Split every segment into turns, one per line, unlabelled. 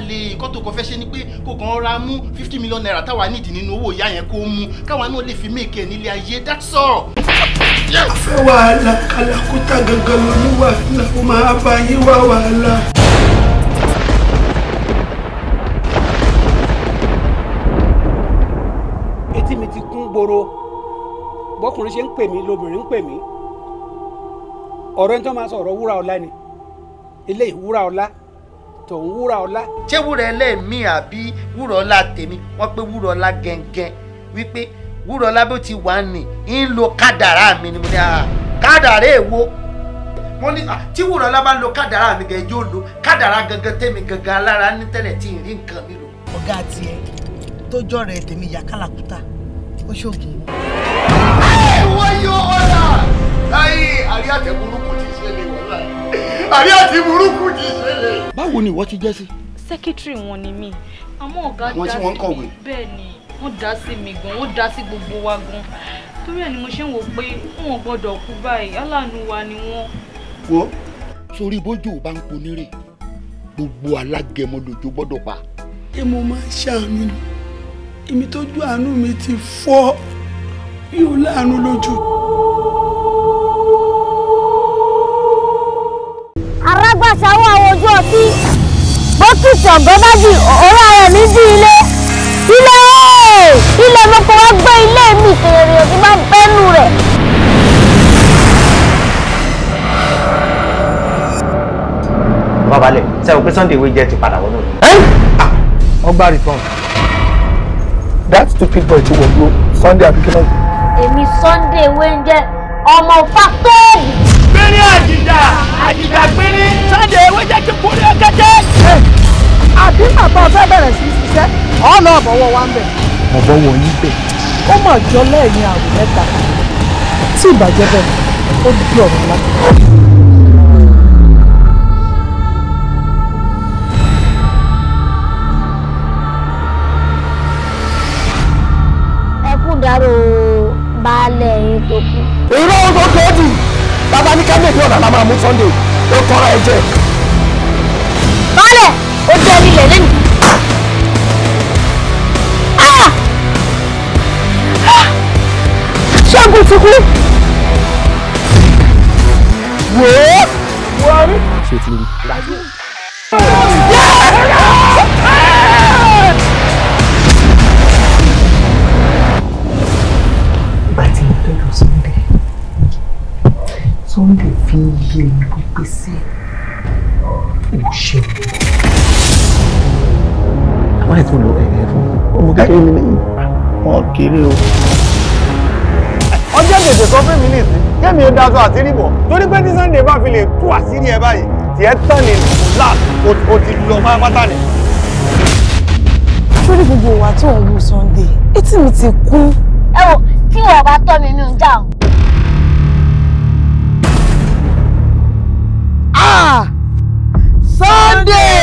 jalè nǹkan tó kọ fẹ́ ṣe ni pé kò kàn ra mú fifty million naira táwa nídìí nínú owó ìyá yẹn kó mú káwa náà lè fi méèkì nílé ayé that's all.
afẹ́ wàhálà kàlàkùtà gangan ló ní wàhálà ó máa bá yé wá wàhálà. etí mi ti kún gbòòrò bọ́kùnrin ṣe ń pè mí lóbìnrin ń pè mí ọ̀rọ̀ ẹni tó máa sọ ọ̀rọ̀ wúrà ọ̀la ni eléyìí wúrà ọ̀la tòun wúrà ọlá. ṣé wúrà ẹlẹ́mí àbí wúrà ọlá
tèmi wọ́n pé wúrà ọlá gẹ́ngẹ́ wípé wúrà ọlá bó ti wà ní ń lo kádàrá mi ni mo ní ah, kádàrá èwo wọ́n ní ah, tí wúrà ọlá bá ń lo kádàrá
mi gẹ̀ yóò lo kádàrá gangan tèmi gangan alára ní tẹ́lẹ̀ tí ì nǹkan mi lò.
ọ̀gá tiẹ̀ tó jọ rẹ̀ tèmi yà kálàkúta ó ṣoògùn.
ẹ wọ́n yóò ọ̀la láyé àríyá tẹ̀ burúkú ti ṣẹlẹ̀ àrí àti burúkú ti ṣẹlẹ̀.
báwo ni ìwọ ti jẹ́ sí. sẹ́kítírì wọn ni mí
àmọ́ ọ̀gá dá sí
mi
bẹ́ẹ̀ ni wọ́n dá sí mi gan wọ́n dá sí gbogbo wa gan torí ẹ̀ ni mo ṣe ń
wò
pé wọn ò gbọ́dọ̀ kú báyìí aláàánú wa ni wọ́n.
wo sórí bójú
ò bá ń ponírè gbogbo alágẹmọ lójó gbọ́dọ̀ pa.
ẹ máa ń ṣàánú ni èmi tójú àánú mi ti fọ́ mi láàánú lójú.
bá ṣàwọ́ àwọn ojú ọtí
bó kì ṣọ̀gbọ́n bá di òórá rẹ̀ mi dí ilé
ilé ilé mo kọ́ gbé ilé mi kèrè òsì bá bẹ́nu rẹ̀.
babalẹ̀ ṣe pé Sunday wey jẹ́ ti padà wọnú ah! ọgbà return that stupid boy ti wọ̀ ló Sunday àbíkẹ́ náà.
èmi Sunday
wey jẹ́ ọmọ fàtọ́ọ̀bù pínrín àjìjà àjìjà pínrín. Sunday ewé jẹ́ kí kúrẹ́ ọ̀kẹ́jẹ́. àbí bàbá ọ̀fẹ́ bẹ̀rẹ̀ sí ṣiṣẹ́ ọ̀nà ọ̀bọ̀wọ̀ wa ń bẹ̀.
ọ̀bọ̀wọ̀ yín bẹ̀.
ó mà jọ lẹ́yìn àrùn mẹ́ta tí ìbàjẹ́ bẹ̀rẹ̀ ó di ọ̀rọ̀ ńlá.
ẹ kú dárò baálé yín tó kú.
ìrọ̀ ògbókè dùn bàbá ní kábíyèsí ọ̀nà máa mú Sunday ó tọrọ ẹ jẹ. bálẹ̀ ó jẹ́ nílẹ̀ lẹ́nu.
Ah! ṣẹ́gun ti kú.
wòó. wọ́n rí. ṣé ti rí.
yé mi wípé sí
ò ṣeun. àwọn àìsàn ló ẹ̀ẹ́ fún ọmọ kékeré mi lẹ́yìn. wọn kéré o.
ọjọ́ gbèsè sọ fún mi nìsí kémi ó daṣọ àṣírí bọ̀ torí pé tí Sunday bá fi lè tú àṣírí ẹ báyìí tiẹ̀ tán ni láàbù o ti lọ pátá ni. sórí
gbogbo wa tó ń lu Sunday etí mi ti kú.
ẹ wò tí wọn bá tọ́ mi nínú dáhùn
Sunday.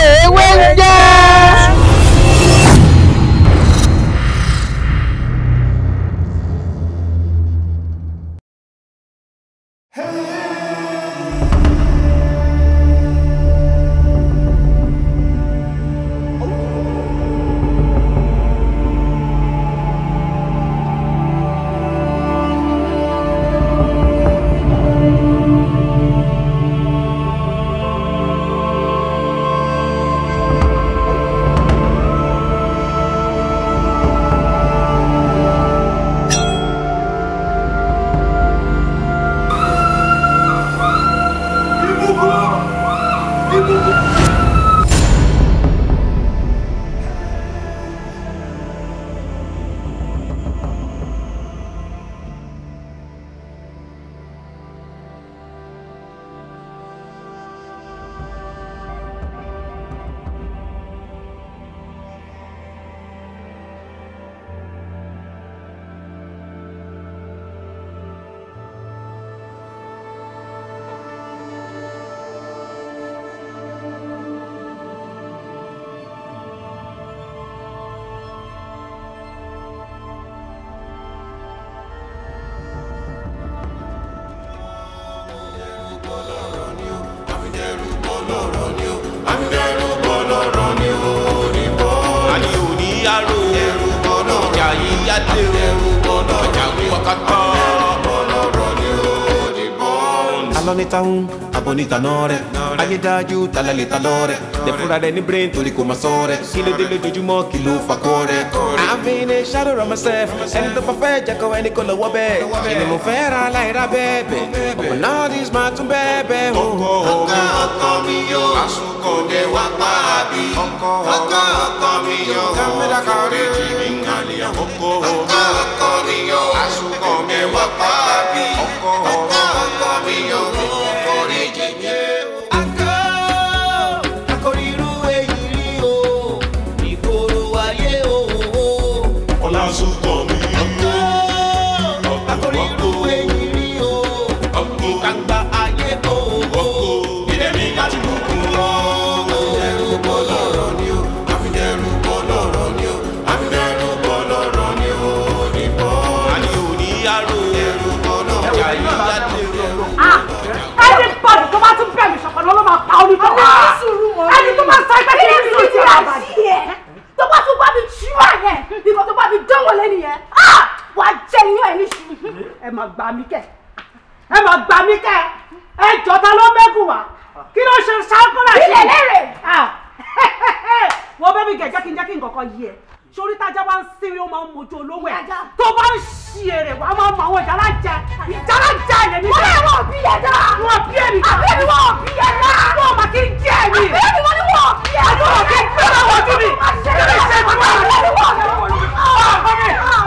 bonita un, a bonita nore Ayé dájú tálẹ̀ lè ta lọ́rẹ̀ Lè fúnra rẹ̀ ní brain torí kò máa sọ̀rẹ̀ Kí ló dé lójoojúmọ́ kí ló fa kọ́ rẹ̀ I've a shadow of myself Ẹni tó bá fẹ́ jẹ́ kọ́ ẹni kò lọ́wọ́ bẹ́ẹ̀ ni mo fẹ́ ra láìra bẹ́ẹ̀bẹ̀ Ọmọ náà ní máa tún bẹ́ẹ̀bẹ̀ o. Ọkọ ọkọ ọkọ mi yo Asuko de wá pa bí Ọkọ mi yo Kámẹ́rà kan rí jì mí ń gàlẹ́ Ọkọ mi yo Àsùkò dé wá pa bí Ọkọ mi yo
máa
gbà mí kẹ́ ẹ máa gbà mí kẹ́ ẹ jọta ló mẹ́kù wá kí ló ṣe ṣàkóra sí i. ilé lérè. wọ́n bẹ́ẹ̀ mi gẹ̀ jẹ́ kí n jẹ́ kí n kọ̀kọ́ yí ẹ sórí tájà bá ń sinmi ó máa ń mojú olówó ẹ tó bá ń ṣì èrè wàá máa mọ àwọn ìjàlájà
ìjàlájà yẹn níbẹ̀. wọ́n lè wọ́n bí yẹn dá. wọ́n bí ẹ̀mí kan. àbí ẹ̀mí wọ́n bí yẹn dá. wọ́n máa kí n jẹ́ ẹ̀mí. àbí ẹ̀mí wọ́n ní wọ́n bí yẹn dá. àbí wọ́n kí n gbé wọn wọ́n tún mi. kí ni ṣe é tó bá wọn.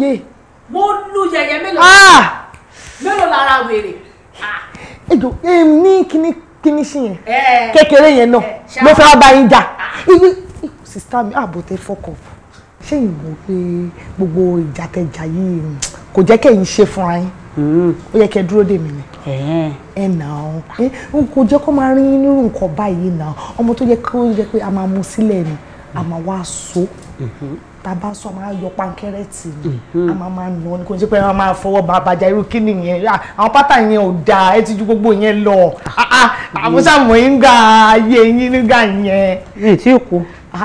yé. mo lu yẹyẹ mélòó ah!
mélòó lára
wèrè.
ẹjọ ah! ní kíní kíní sí yẹn
eh, eh.
kékeré
yẹn náà eh, mo fẹ́ wá bá yín jà ah. sista mi ààbò tẹ fọkàn ṣé ìmọ̀ pé gbogbo ìjàtẹ̀jà yìí kò jẹ́ kẹ́yìn ṣe fúnra yín hmm. ó yẹ kẹ́ dúró dè mí ni ẹ nà án kò jẹ́ kó máa rí nírú nǹkan báyìí nà án ọmọ tó yẹ kó yẹ pé a máa mú sílẹ̀ ni a máa wá so. Mm-hmm. tá a bá sọ máa yọ pankẹ́rẹ́ tì ní mm-hmm. a máa máa nà ọ́ ní kò ṣe pé a máa fọwọ́ bá abàjá irú kí nìyẹn ah, àwọn pátá yẹn ò dáa ẹ ti ju gbogbo yẹn lọ àbúṣàmọ̀ ah, ah, yín gba ayé yín nígbà yẹn. mi tí kú.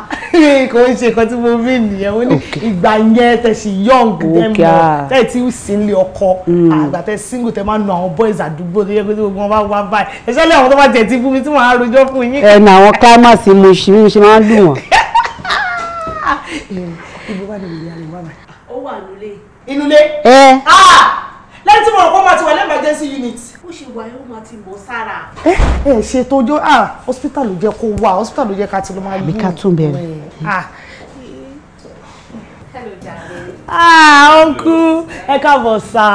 kò ń ṣe nǹkan tí mo rí nìyẹn ó ní ìgbà yẹn tẹ̀sí young dẹ́mọ̀ tẹ̀ tí ó sì ń lé ọkọ àgbà mm. tẹ̀ single tẹ̀ máa nà àwọn boys àdúgbò tó yẹ kó tí gbogbo wọn bá wá báyìí ẹ̀ṣẹ́ lé àwọn tó bá jẹ̀ ti fún mi tí wọ́n á rojọ́ fún yín. ẹ̀ nà àwọn
kámásì mo ṣe máa ń dùn wọ́n. inúlé. ẹ. Ah! lẹ́yìn tí mo rò pé wọ́n ti wà ní emergency unit. ó ṣe wà yóò máa ti mọ̀ sára. ẹ
ẹ ṣe tójó ah, hospital ló jẹ́ kó wà hospital ló jẹ́ ká ti lọ máa gbé. àbíká tún bẹ̀rẹ̀. Hmm. Ah. ah uncle ẹ káàbọ̀ sá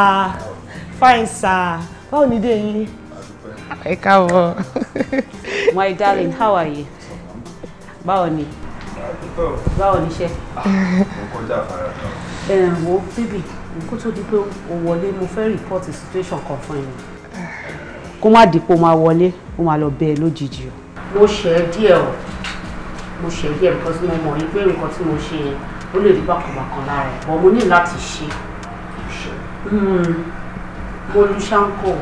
fine sá báwo ni dé yín. ẹ káàbọ̀.
my darling how are you báwo ni
báwo ni iṣẹ́. mo kọjá fara náà
ẹ wo bíbí kó tó di pé o wọlé mo fẹ́ report situation kan fún yín kó má o máa wọlé ó máa lọ bẹ ẹ lójijì o. mo ṣe é díẹ̀ o mo ṣe é díẹ̀ because mo mọ̀ wípé nǹkan tí mo ṣe yẹn ó lè rí bákanbákan lára ẹ̀ but mo ní láti ṣe hmm. mo lu ṣáńkọ̀.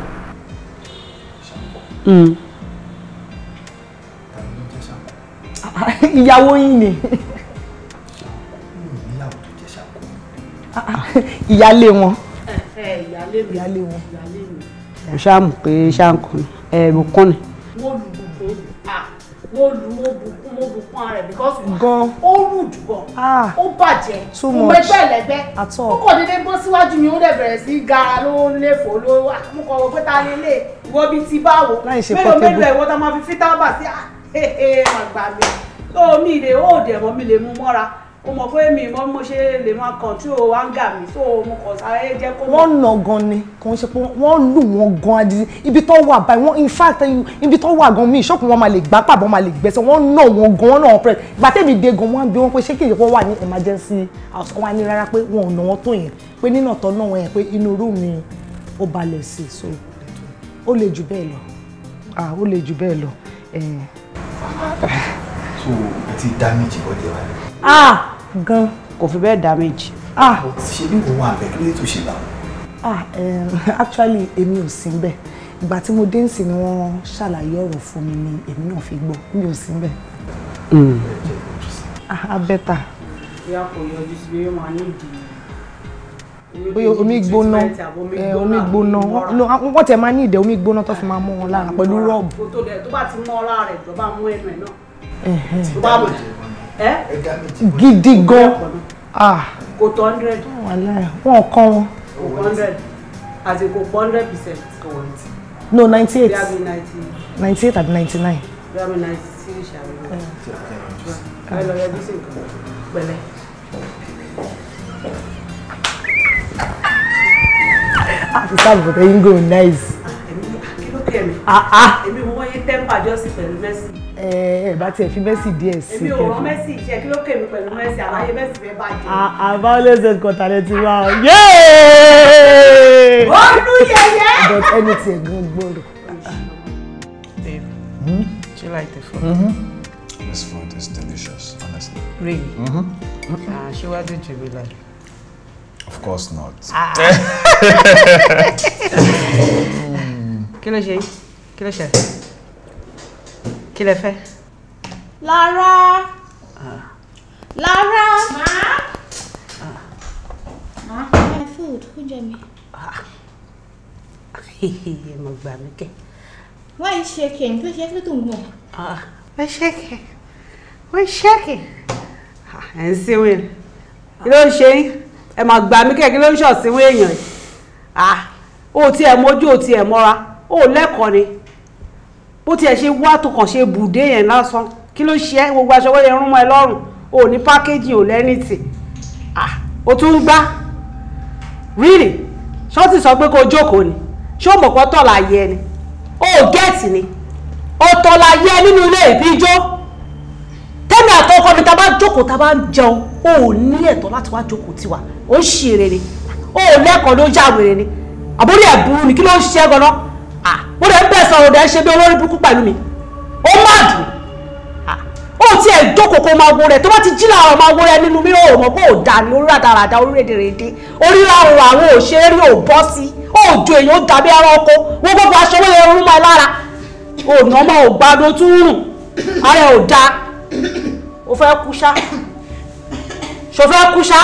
Hmm.
ìyàwó yín ni.
ìyálé wọn. ìyálé wọn. mo ṣáàmù pé ṣáàkùn ni ẹ mo kún ni. mo lù bùkún mo lù mo bùkún mo bùkún ara rẹ because gan ó rùdù gan ó bàjẹ́ mo gbẹgbẹ́ lẹ́gbẹ́ ó kò dédé bọ́ síwájú mi ó dẹ̀ bẹ̀rẹ̀ sí gara ló ń léfò ló mú kọ́ wọ́n pé ta ilé ìwọ bíi ti báwo mélòó mélòó ẹ̀wọ́ máa fi o mọ̀ pé mi mọ́ mo ṣe lè máa control anger mi so mo kàn sáré jẹ́ kó. wọ́n
nà gan ni kò ń ṣe pé wọ́n lù wọ́n gan adidi ibi tó wà báyìí wọ́n in fact ibi tó wà gan mi ìṣọ́kù wọn máa lè gbá pàbọ̀ máa lè gbẹ́sẹ̀ wọ́n nà wọ́n gan wọ́n nà wọ́n press ìgbà tẹ́mi dé gan wọ́n á bí wọ́n pé ṣé kìí wọ́n wà ní emergency house wọ́n á ní rárá pé wọ́n ò nà wọ́n tó yẹn pé nínà tán náà wọ́n yẹn pé inú rú mi ó balẹ̀ sí i so ó le jù bẹ́ẹ̀ lọ ah ó le jù bẹ́ẹ̀ lọ.
so o ti dá méjì wa
ah gan kò fi bẹ́ẹ̀ damage.
ah ṣe bí òun àbẹ kí ló tó ṣe bá.
ah actually èmi ò sí bẹ́ẹ̀ ìgbà tí mo dé nsìn ni wọ́n ṣàlàyé ọ̀rọ̀ fún mi ni èmi náà fi gbọ́ mi ò sí bẹ́ẹ̀. Hmm. ah bẹ́tà. ìyá kò yọjú sí bí wọ́n á ní ìdí bóyá omi gbóná eh, omi gbóná ah, wọ́n tẹ̀ máa ní ìdẹ̀ omi gbóná tó fi máa mú wọn lára pẹ̀lú rọ́ọ̀bù.
tó bá ti mọ́ ọ lára rẹ̀ tó bá mú ẹnu ẹ̀
náà
gidi gan ah. kò tó hundred oh,
wọn kọ́ wọn.
kò hundred as in kò pọ̀ hundred percent. no ninety eight
ninety eight àbí ninety nine.
bí a bí ninety three ṣàlùwẹ̀ ẹ lọ yọjú sí nǹkan pẹ̀lẹ́.
àti sáàbù tẹ́yìn go nice.
Ah, èmi kí ló kẹ́ mi. Ah, èmi mo wáyé tẹ́ḿpà jọ́sí pẹ̀lú mẹ́sì ẹ eh, ẹ eh, bá
tiẹ̀ fi mẹ́sì díẹ̀ sí i. èmi ò rán mẹ́sì
jẹ kí ló kèmí pẹ̀lú mẹ́sì àlàyé mẹ́sì fẹ́ bàjẹ́. àbá
ah, ah, olóòzè kọ̀tàlẹ́ ti wá ọ yéé. ọdún yẹyẹ. but ẹni tiẹ̀ gan gbòòrò. Do you like the food? hmm
This food is delicious, honestly. Really? Mm-hmm. Mm-hmm. Uh, she wasn't jubilant. Like. Of course not. Ah.
mm. Kí ló ṣe? Kí ló ṣe? kí lẹ fẹ́.
Lára. Lára. Má. Má. My food, oúnjẹ mi. Ah.
Mo gbà mí kẹ́.
Why is shaking? Tó ṣe kí ló tó ń gbọ̀n? Why shaking? Why shaking?
Ah, Ẹ ń sinwi. Kí ló ń ṣe yín? Ẹ máa gbà mí kẹ́ kí ló ń ṣọ̀sìn wé èèyàn yìí? Ó ah. tiẹ̀ mójú ó tiẹ̀ mọ́ra. Ó lẹ́kọ̀ọ́ ni bó tiẹ̀ ṣe wá tó kàn ṣe bùdé yẹn lásán kí ló ṣe gbogbo aṣọ wẹ́yẹ rún mọ́ ẹ lọ́rùn o ní pákéjì ò lẹ́ni tì o tún ń gbá rírì ṣọ́ọ̀tì sọ pé kó jókòó ni ṣó mọ̀ tọ̀ láyé ẹni o gẹ́ẹ̀tì ni o tọ̀ láyé ẹ nínú ilé ìbíjó tẹ́mi àtọkọ mi ta bá jókòó ta bá ń jẹun o ní ẹ̀tọ́ láti wá jókòó tiwa o ń ṣèrè ni o lẹ́kọ̀ọ́ ló jáwèrè ni àbúrò ẹ̀ ni kí ló ń ṣe gan-an Ah, mo rẹ̀ ń bẹ̀ sọ̀rọ̀ rẹ̀ ṣe bí olórí burúkú pẹ̀lú mi ó má dùn ah, ó ti ẹ̀ jókòó kó máa wo rẹ̀ tó bá ti jí làwọn máa wo rẹ̀ nínú mi ò mọ̀ pé ò dà ní orí àdàràdà orílẹ̀-èdè rèédé orí làwọn àwọn òṣèré ò bọ́ sí ó jò èèyàn dàbí ẹranko wọ́n gbogbo aṣọ wọ́n yẹ orúmọ ẹ lára ò ọmọ ò gbádùn tún rùn ara ò da o fẹ́ kú ṣá ṣo fẹ́ kú ṣá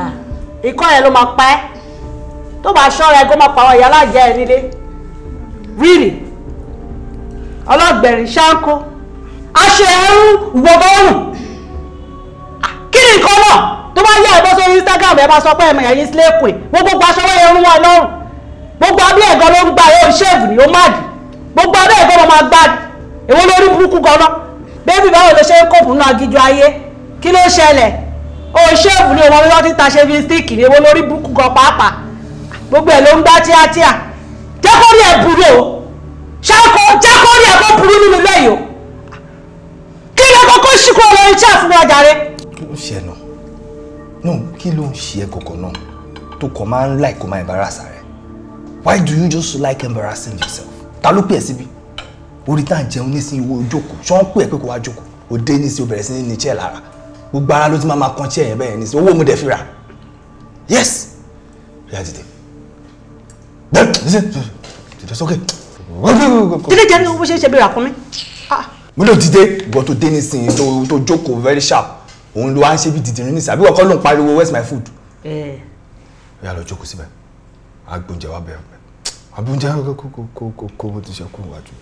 ah, ikọ́ yẹn ló máa pa ẹ́ tó bá ṣọ́ra ẹ kó máa pa àwọn ìyá alájà ẹ nílé rírì ọlọ́gbẹ̀rin ṣáńkó aṣọ ẹrú ìwọ̀gọ́rùn ah, kí ni nǹkan náà tó bá yá ẹ̀bọ́ sórí Instagram ẹ máa sọ pé ẹ̀mọ̀ ẹ̀yìn sílé pè wọ́n gbogbo aṣọ wọ́n ẹrú wọn lọ́rùn gbogbo abẹ́ ẹ̀gọ́ ló ń gba ẹ̀ òṣèlú ni ó má dì gbogbo abẹ́ ẹ̀gọ́ ló máa gbá èwo lórí burúkú gan náà bébì báwo ló ṣe ń kóòpù nínú agijọ ayé kí ló ṣẹlẹ̀ òṣèlú ni ọmọ mi wọ́n ti ta ṣe fi stíìkì ni èwo lórí burúkú gan pàápàá gbogbo ẹ̀ ló ń gbá tíátíá jẹ́ kó rí ẹ̀ burú o ṣáko jẹ́ kó rí ẹ̀ kó burú nínú ilé yìí o kí ló kọ́kọ́ ṣíkú ọ̀rọ̀ iṣẹ́ fún wa jàre. kí ló ń ṣe ẹ náà
no kí ló ń ṣe ẹ kọ̀kọ̀ náà tó kọ̀ máa ń láì máa embarrass rẹ why do you just like embarrassing yourself ta ló pè ẹ́ síbi orí tá à ń jẹun nísìnyí owó ojókòó ṣọ́n pè ẹ́ pé kó wá jókòó òde nísìnyí ó bẹ̀rẹ̀ sí ní ní iṣẹ́ lára gbogbo ara ló ti máa máa kan iṣẹ́ yẹn bẹ́ẹ̀ nísìnyí owó mo dẹ̀ fi yes rí dìde sókè.
dídé jẹ́ nínú bó ṣe ṣe bí ràkúnmí.
mo lò dìde ìwọ tó dé nísìnyí tó jókòó very sharp òun ló wá ń ṣe bí dìdìrín nísìnyí àbí wọ́n kọ́ ló ń pariwo where's my food. ẹ yà lọ jókòó síbẹ̀ agbóúnjẹ wa bẹ̀rẹ̀ agbóúnjẹ kó kó kó ti ṣe kó wájú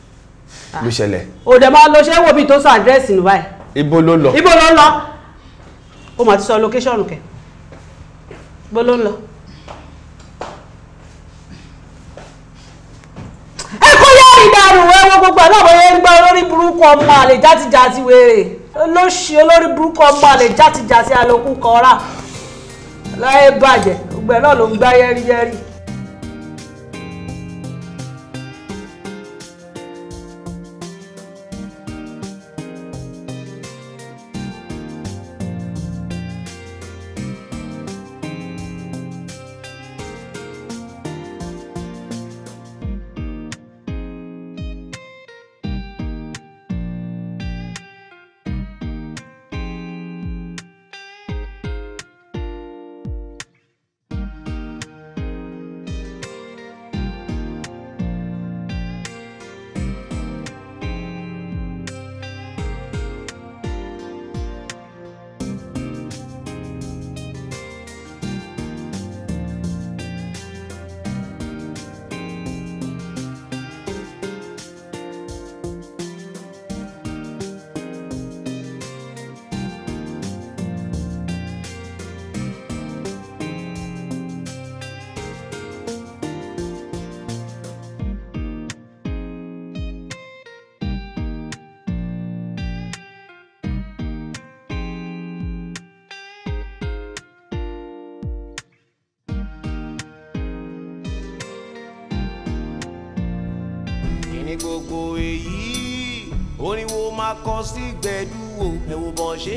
ló ṣẹlẹ̀. òde máa lọ ṣé wò bí tó sọ àdírẹ́sì nù báyìí.
ibo ló lọ. ibo ló
lọ. o mà ti sọ location kẹ. ibo ló ń lọ. burúkú ọmọ àlè játijàti wèrè olóṣì olórí burúkú ọmọ àlè játijàti àlòkù kọ́ra láyé bàjẹ́ ògbẹ́ náà ló ń gbá yẹ́rìyẹ́rì.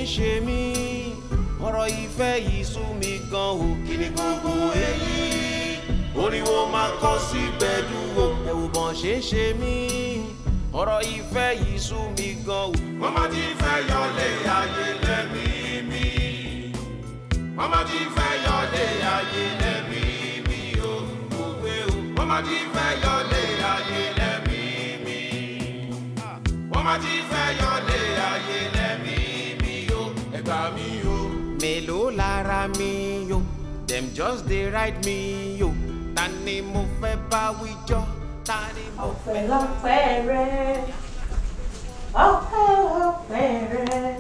ń ṣe mí ọ̀rọ̀ ìfẹ́ yìí sú mi gan o. kí ni gbogbo èyí oríwo máa kọ́ sí gbẹ̀dú o. ẹ̀wù bọ̀n ṣe ń ṣe mí ọ̀rọ̀ ìfẹ́ yìí sú mi gan o. wọ́n má ti fẹ́ yọlé ayé lẹ́mí mi wọ́n má ti fẹ́ yọlé ayé lẹ́mí mi o. wọ́n má ti fẹ́ yọlé ayé lẹ́mí mi wọ́n má ti fẹ́ yọlé. Them just dey ride me yo ta ni mo fẹ́ bá wíjọ́ ta ni mo fẹ́. ọpẹ́lọpẹ́ rẹ
ọpẹ́lọpẹ́ rẹ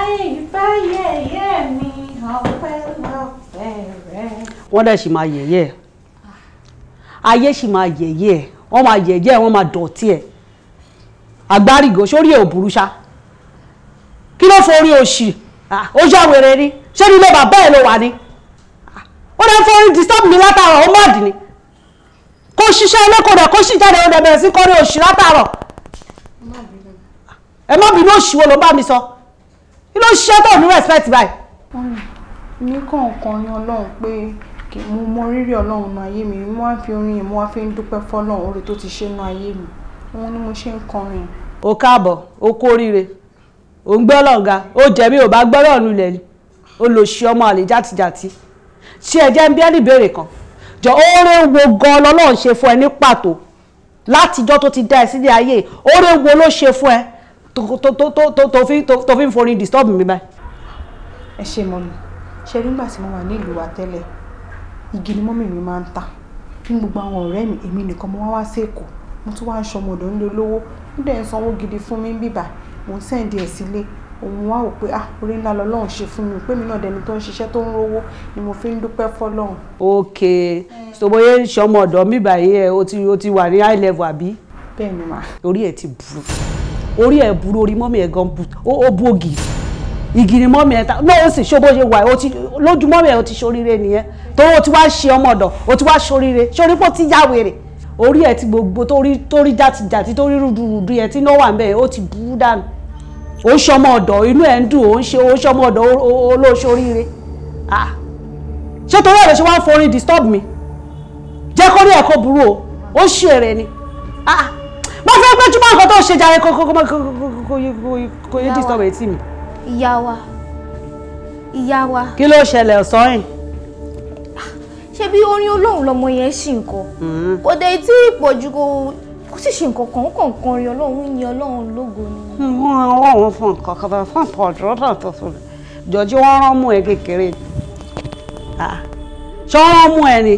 ayébáyẹyẹ mi ọpẹ́lọpẹ́ rẹ.
wọ́n dẹ̀ sì máa yẹ̀yẹ́ ẹ̀ ayé sì máa yẹ̀yẹ́ ẹ̀ wọ́n máa yẹ̀yẹ́ ẹ̀ wọ́n máa dọ̀tí ẹ̀ àgbárígò sórí ẹ̀ ò burú ṣá kí ló forí òṣì
ó yá ni
ṣé nílé bàbá ẹ̀ ló wà ni ó dẹ̀ fọ́ disturb mi látàárọ̀ ó mọ̀dì ni kò ṣiṣẹ́ ẹlẹ́kọ̀ọ́ rẹ̀ kó sì jáde ó dẹ̀ bẹ̀rẹ̀ sí kọrin òṣì látàárọ̀ ẹ má bínú òṣì wo ló bá mi sọ kí ló ṣiṣẹ́ tó ní respect báyìí.
mi kọ̀ọ̀kan yan ọlọ́run pé mo mọ rírì ọlọ́run nu ayé mi mo wá fi orin yẹn mo wá fi ń dúpẹ́ fọlọ́run oore tó ti ṣe nu ayé mi òun ni mo ṣe ń kọrin.
o káàbọ̀ o kóríire ò ń gbọ́ lọ́ga ó jẹ̀bi ò bá gbọ́rọ̀ nulẹ̀ ni o lò ṣe ọmọ àlè játijàti ṣé ẹ jẹ́ ń bí ẹni ìbéèrè kan jọ oore wo gan lọ́lọ́run ṣe fún ẹ ní pàtó látijọ́ tó ti dá ẹ sílé ayé oore wo ló ṣe fún ẹ tó fi ń forin disturb mi báyìí. ẹ ṣe mọ mi
ṣe nígbà tí mo wà ní ìlú wa tẹ́lẹ̀ igi ni mọ́mì mi máa ń ta ní gbogbo àwọn ọ̀rẹ́ mi èmi nìkan mo wá wá sí èkó mo tún wá ń ṣọmọdọ̀ ńlẹ̀ olówó ó dẹ̀ ń sanwó gidi fún mi bíbà mo ń sẹ́ǹdì ẹ̀ sílé òun wá wò pé ah orí ńlá lọ́lọ́run ṣe fún mi pé mi náà dẹni tó ń ṣiṣẹ́ tó ń rówó ni mo fi ń dúpẹ́ fọ́lọ́run.
ok sọmọye ń ṣọmọ ọ̀dọ̀ mi báyìí ẹ o ti o ti wà ní high level àbí. bẹ́ẹ̀ ni màá. orí ẹ ti burú orí ẹ burú orí mọ́mí ẹ gan bu ó bú ògì igi ni mọ́mí ẹ ta náà ó sì ṣó bó ṣe wà lójú mọ́mí ẹ ó ti ṣoríire nìyẹn tó o ti wá ṣe ọmọ ọ̀dọ̀ o ti wá ṣoríire ṣorí pé ó ti yá wèrè orí ẹ ti gbogbo tó rí jàtijàti tó rí rúdurùdu yẹn tí náà wà ń bẹ̀ ó ti burú dànù ó ṣọmọ ọ̀dọ̀ inú ẹ̀ ń dùn ó ń ṣe ó ṣọmọ ọ̀dọ̀ olóṣoríire ah ṣé torí ẹ̀ ló ṣe wá ń forin disturb mi jẹ́ kó rí ẹ̀kọ́ burú o ó ṣèrè ni ah mo fẹ́ pé túbọ̀ nǹkan tó ṣe jàre kó kó kó kó yé disturb etí mi.
ìyá wa ìyá wa.
kí ló ṣẹlẹ̀ ọ̀sán yìí
ah. ṣebí orin olóhùn lọmọ yẹn ṣì ń kọ hmm. kò dé tí ìpọ̀jù kò kò sì ṣe nǹkan kan kàn kan rí ọlọ́run ń yin ọlọ́run lógo ni.
wọn àwọn àwọn fún nǹkan kan bá fún nǹkan ọ̀dọ́ náà tó sùn jọjú wọn rán mú ẹ kékeré ṣé wọn rán mú ẹ ni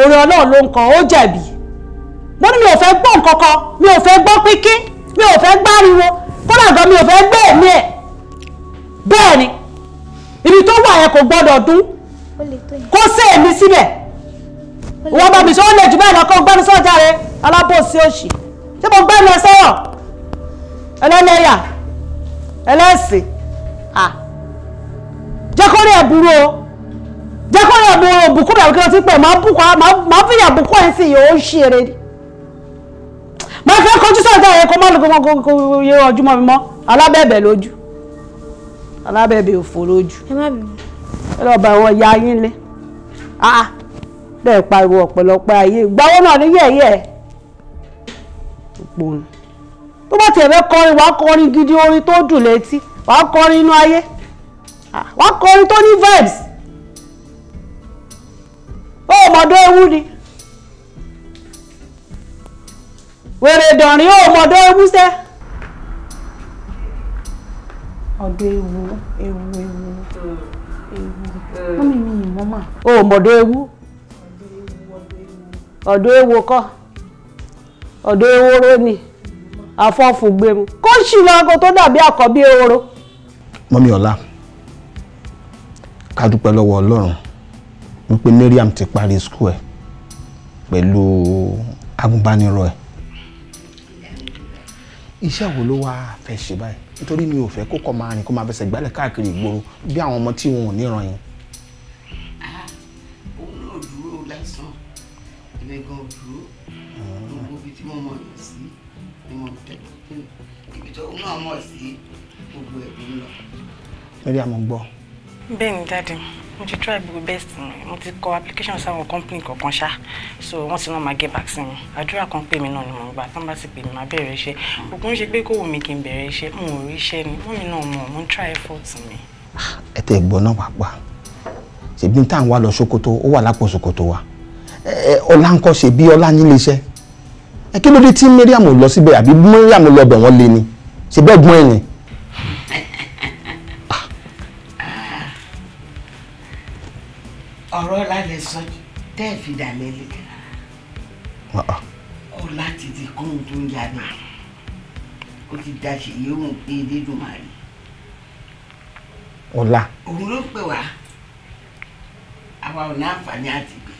orí ọlọ́run ló ń kọ ó jẹ̀bi mo ní mi ò fẹ́ gbọ́ nǹkan kan mi ò fẹ́ gbọ́ pínpín mi ò fẹ́ gbáriwo kódà gan mi ò fẹ́ gbé èmi ẹ̀ bẹ́ẹ̀ ni ibi tó wà yẹn kò gbọ́dọ̀ dún kó sé èmi síbẹ̀ ìwọ ọmọ mi ṣé ó lè jù bẹ́ẹ̀ lọ kó gbẹ́nu sọ́jà rẹ alábòsí òṣì ṣé mo gbẹ́nu ẹ sọ́wọ́ ẹlẹ́lẹ́yà ẹlẹ́sìn à jẹ́ kó rí ẹ̀bùrú o jẹ́ kó rí ẹ̀bùrú o bùkún bẹ̀rù kí o ti pẹ̀ máa bùkún máa fìyà bùkún ẹ̀ sì yóò ṣe eré ni máa fẹ́ kojú sọ́jà rẹ kó má lè kó yẹ ọjọ́ mọ́ mi mọ́ alábẹ̀bẹ̀ lójú alábẹ̀bẹ̀ òfò lójú ẹ lọ́ọ́ bá àwọn ìyá yín lé ah dẹ̀ pariwo ọ̀pọ̀lọpọ̀ ayé ìgbàwọ́ náà ní yẹ̀yẹ́ òpó ni tó bá tiẹ̀ fẹ́ kọrin wàá kọrin gidi orin tó dùn létí wàá kọrin inú ayé wàá kọrin tó ní vibes ó mọ̀dọ́ ewu ni wèrè dọ̀rin ó mọ̀dọ́ ewu sẹ́ ọ̀dọ̀ ewu ewu ewu ewu
mọ́mí mi ìmọ̀ mà
ó mọ̀dọ́ ewu ọ̀dọ̀ ewo kọ́ ọ̀dọ̀ eworo ni àfọ̀fùgbẹ̀mù kó sì lọ kó tó dàbí àkọ́bí eworo.
mọ́mí ọ̀la ká dúpẹ́ lọ́wọ́ ọlọ́run wípé Mariam ti parí skul ẹ̀ pẹ̀lú agúnbánirọ̀ ẹ̀ iṣẹ́ wo ló wáá fẹ́ ṣe báyìí nítorí mi ò fẹ́ kó kọ́ máa rìn kó máa fẹsẹ̀ gbálẹ̀ káàkiri ìgboro bí àwọn ọmọ tí wọn ò ní ràn yín. lórí àmọ́ gbọ́.
bẹ́ẹ̀ ni dáàdi mo ti try gbogbo best mi mo ti kọ application sáwọn company kọ̀ọ̀kan ṣá so wọ́n ti náà máa get back sí mi àdúrà kan pè mí náà ni mò ń gbà tán bá ti pè mí máa bẹ̀rẹ̀ iṣẹ́ òkun ṣe pé kò wù mí kí n bẹ̀rẹ̀ iṣẹ́ n ò rí iṣẹ́ ni mọ́mí náà mọ̀ mo ń try effort mi. Ah,
ẹ tẹ ìgbọ́ náà wá pa ṣèbí tá à ń wá lọ ṣòkòtò ó wà lápò ṣòkòtò wa ọlá ń kọ́ ṣèbí ọlá nílé iṣẹ́ ẹ kí ló dé tí Mariam lọ síbẹ̀ àbí Mariam lọ bẹ̀ wọ́n lé ni ṣèbẹ́ gbọ́n ẹ̀ ni.
ọ̀rọ̀ lálẹ́ sọ tẹ́ ẹ̀ fi dàlẹ́ lé ọ láti ti kún tó ń jáde ó ti da ṣe yóò pé dídùn máa rí. ọ̀la. òun ló pè wá àwa ò ní àǹfààní àti gbé.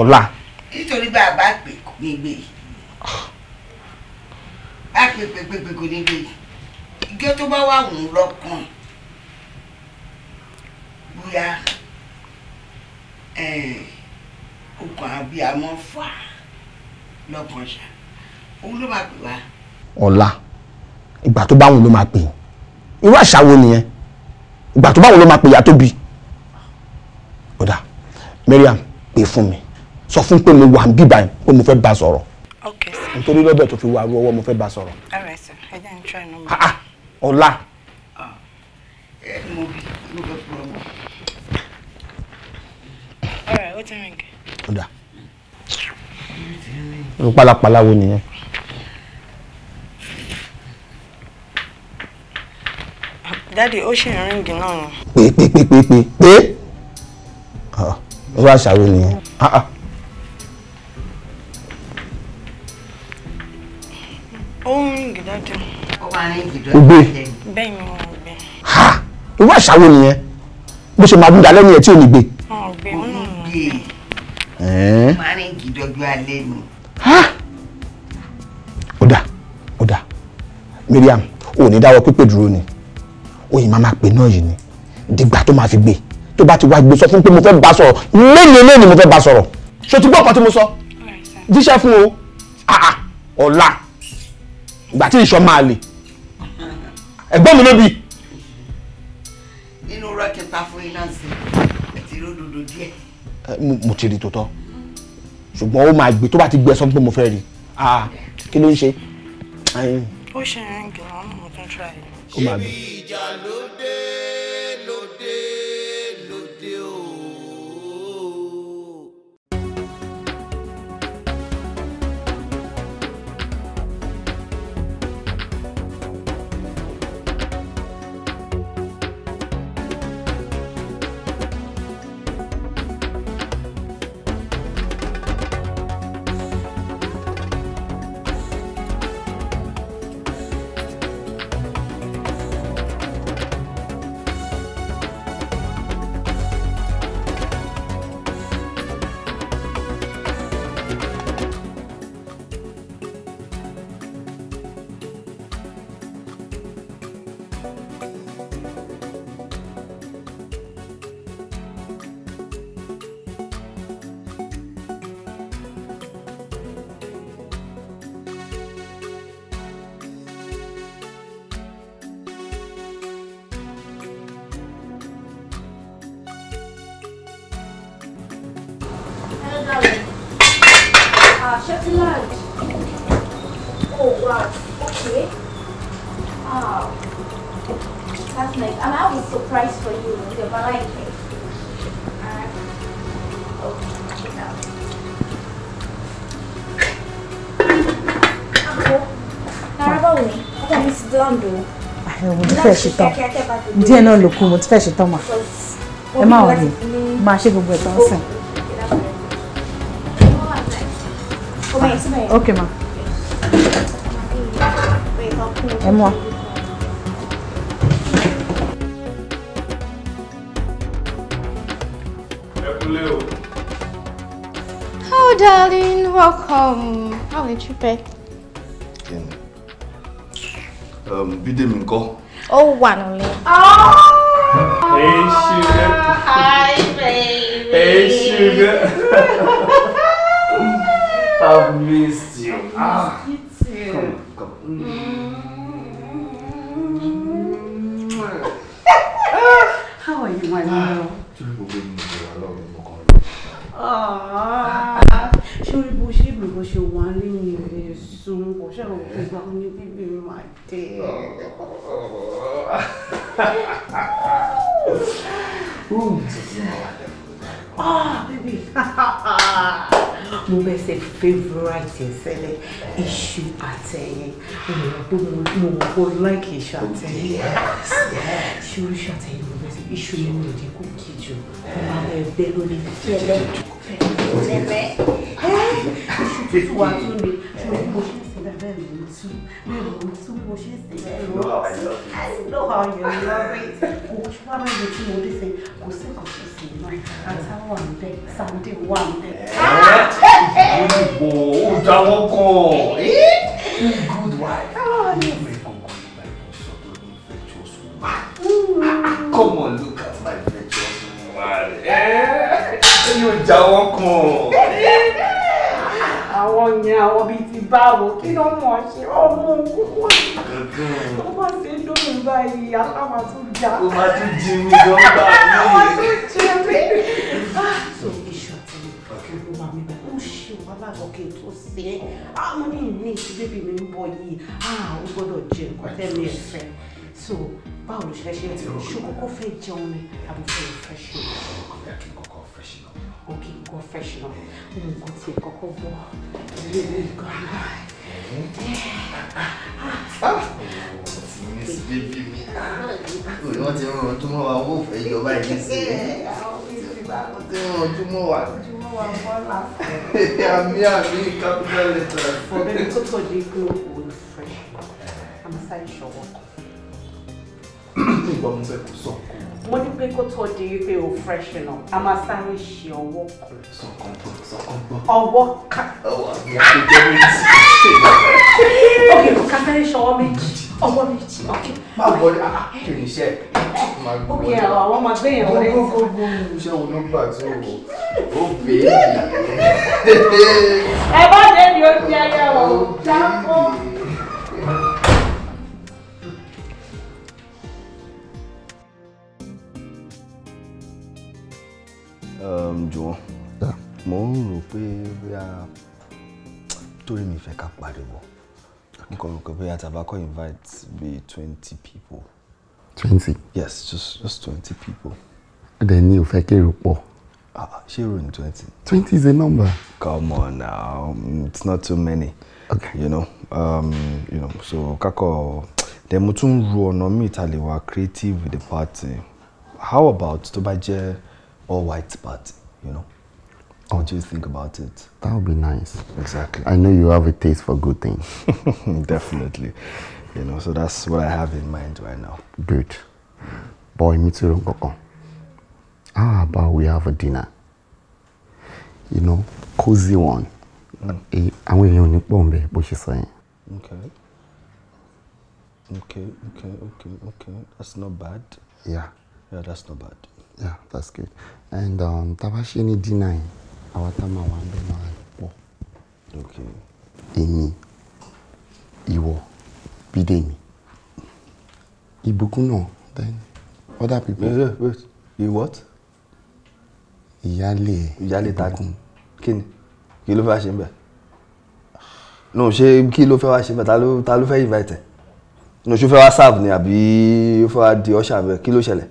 ọ̀la. nítorí bá a bá pè kò ní gbé yìí bá pè pè pè pè kò ní gbé yìí ìgbé tó bá wà wù ú lọ́kàn bóyá. Eh, ọkàn abiyamọ fà lọkàn ṣá òun ló máa pè wá.
ọ̀la
ìgbà tó bá wọn ló máa pè irú àṣà wo nìyẹn ìgbà tó bá wọn ló máa pè ìyá tó bí ọ̀dà Mariam pè fún mi sọ fún pé mo wà ń bíbá ẹ pé mo fẹ́ bá sọ̀rọ̀ nítorí lọ́bẹ̀ tó fi wà rú ọwọ́ mo fẹ́ bá sọ̀rọ̀. Ah, ah, ọ̀la. Ah,
mo bí mo fẹ́ fún
ọ̀dà irú pálapàla wo nìyẹn.
dáàdi ó ṣì ń ríǹgì náà ni.
pé pé pé pé pé pé irú àṣà wo nìyẹn. ó
ń ríǹgì dáàdi. ó
máa ń ríǹgì dáàdi.
bẹ́ẹ̀ ni mo gbé. irú àṣà wo nìyẹn bó ṣe máa ń dalẹ́ nìyẹn tí ò ní gbé. mo gbé mo náà lè
márìngì dọ́jú alẹ́ ni.
ó dà ó dà Miriam ò ní dáwọ́ pípé dúró ni oyin máa máa pè náà yìí ni dìgbà tó máa fi gbé tó bá ti wá gbé sọ fún pé mo fẹ́ bá sọ̀rọ̀ lẹ́yìn lẹ́yìn mo fẹ́ bá sọ̀rọ̀ ṣòtú gbọ́ ọ̀kan tí mo sọ jíṣẹ́ fún o ah, ah. ọ̀la ìgbà tí ìṣọ́ máa lè ẹ̀gbọ́n mi ló bí.
nínú rọ́ọ̀kì pa fún iná sí ẹ̀ ti ródòdó díẹ̀.
Eh, mo ti rí tòótọ́ ṣùgbọ́n ó máa gbé tó bá ti gbé sọ́n pé mo fẹ́ rí ah kí ló ń ṣe.
ó ṣe ń gbìyànjú mo tún try.
ó ṣé bí ìjà ló dé.
Shetland. Oh wow, okay. Ah, that's nice. And I have a surprise for you, the Malay cake. Alright. Uh, oh, okay, now. mo
ti fẹ́ ṣe tán díẹ̀ náà ló kù mo ti fẹ́ ṣe tán mà
ẹ má wọlé máa ṣe
gbogbo ẹ̀ tán oh, sìn. Ok, ma.
Et moi Oh, darling, welcome. How are you, babe? Um, Bidemi
ńkọ́? Oh, one only. Oh! Hey, sugar. Hi, baby. Hey, sugar. I've missed you. I ah. missed you too. Come, come. Mm
-hmm. How
are
you, my love? favourite ìfẹ́lẹ́ iṣu àtẹ̀yìn mo mọ̀ pé like iṣu àtẹ̀yìn ṣé oríṣi àtẹ̀yìn mo bẹ̀rẹ̀ iṣu yẹn mi ò kó kí jù mo
máa bẹ̀rẹ̀ bẹ́ lórí fẹ́lẹ́ iṣu tuntun wà tún ni mo mọ̀ ṣe ṣe bẹ́ẹ̀ mi tú bẹ́ẹ̀ mi tú mo ṣe ṣe bẹ́ẹ̀ mi tú
I know how you love it kò tún wá bẹ́ẹ̀ tí mo dé ṣe kò sí kò sí sí náà àtàwọn àǹdẹ sàǹdẹ wà àǹdẹ
òyìnbó ó jáwọ́ kọ́
good wife
come on look
at my
virtuous woman
yóò jáwọ́ kọ́.
àwọn yẹn àwọn bíi ti báwo kí ló mọ̀ ṣe ọmọ kókó tó bá ṣe lóyún báyìí aláma tún já. ó máa tún
jí mi lọ́gbà mi. ó máa tún jí mi. so iṣu àti ìpàkẹ́ ló máa mi bá
alágọ̀kẹ́ tó ṣe é àwọn ní ìní tí bébì mi ń bọ̀ yìí àwọn gbọ́dọ̀ jẹ nǹkan tẹ́lẹ̀ ẹ̀fẹ́ so báwo ló ṣe ṣe ṣokòkò fẹ́ jẹun ni àbí fẹ́ fresh up. kọ́kọ́ fresh up. ok kọ́ fresh up nǹkan tiẹ̀ kọ́kọ́ bọ̀ ilé ilé nǹkan náà.
Miss Baby mi. Òye wọ́n ti rán ọdún mọ́ wa owó ìfẹ́ ìjọba ìdí sí ẹ̀. Wọ́n ti rán ọdún mọ́ wa. Ami,
ami, capital letter. For them to
to the glow old fresh. I'm sorry, sure.
Ìgbọ́ mi sọ kò sọ.
Mo ní pé kó tó di wípé o fresh náà, a máa sáré ṣe ọwọ́ kan.
Sọ̀kan
bọ̀, sọ̀kan bọ̀.
Ọwọ́
ká. Ọwọ́ àgbẹ̀ àti jẹ́rìí.
Òkè kò ká sáré ṣọwọ́ méjì ọmọ mi ti
ọkẹ. má wọlé kì í ṣe máa gbọ́. ókè àwọn ọmọ gbé yẹn wọlé. gbogbo gbogbo iṣẹ́ wo ló ń gbà tí o ò bè é.
ẹ bá dé ní ojú ayé o jáfó.
jọ̀wọ́ mo ń rò pé bóyá torí mi fẹ́ ká pariwo nǹkan rò pé bóyá tabako invite bíi twenty people.
twenty. yes just just twenty people. ẹ̀dẹ̀ ni ò fẹ́ kérò
ah, ah ṣé èrò ni twenty. is a number. come on now it's not too many. okay you know um, you know so kakọ then mo tún ro ọ̀nà míì ta creative with the party how about tó bá all white party you know I want you think about it? That would be nice. Exactly. I know
you have a taste for good things.
Definitely. You know, so that's what I have in mind right now.
Good. Boy, me How about we have a dinner? You know, cozy one. I'm mm. eh, ní you
Okay. Okay, okay, okay, okay. That's not bad. Yeah. Yeah, that's not bad.
Yeah, that's good. And um, tá a dinner àwa tá a máa wà ń bẹ̀ máa pọ̀. èmi ìwọ bídèmí ìbùkún náà then other people. wait wait wait
you what. ìyáálé ìyáálé ta kún kí ni kí ló fẹ́ ṣe ń bẹ̀ no ṣé kí ló fẹ́ wá ṣe ń bẹ̀ ta ló ta ló fẹ́ invite ẹ̀ no ṣó fẹ́ wá serve ni àbí ó fẹ́ wá di usher bẹ̀ kí ló ṣẹlẹ̀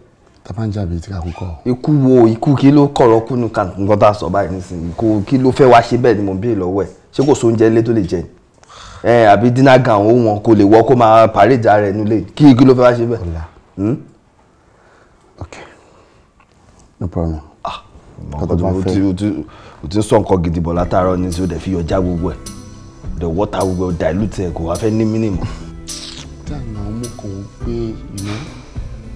tabanjà bíi ti kakú kọ. ikú wo ikú kí ló kọ̀rọ̀ kúnnú kan nǹkan tá a sọ báyìí nísìnyí kó kí ló fẹ́ wá ṣe bẹ́ẹ̀ ni mo béèrè lọ́wọ́ ẹ̀ ṣé kò sóúnjẹ ilé tó lè jẹ ẹ àbí dínà gan òun wọn kò lè wọ kó máa pàrẹ́jà rẹ̀ nulẹ̀ kí kí ló fẹ́ wá ṣe bẹ́ẹ̀. ọ̀la hmm? ok no problem. ah o ti ń sọ nǹkan gidi bọ̀ látàárọ̀ ní sí o dẹ̀ fi ọjà gbogbo ẹ̀ the water gbogbo dilute ẹ̀ kò wá fẹ́ ní mínìmù.
dáná ọmọkùnrin pé you know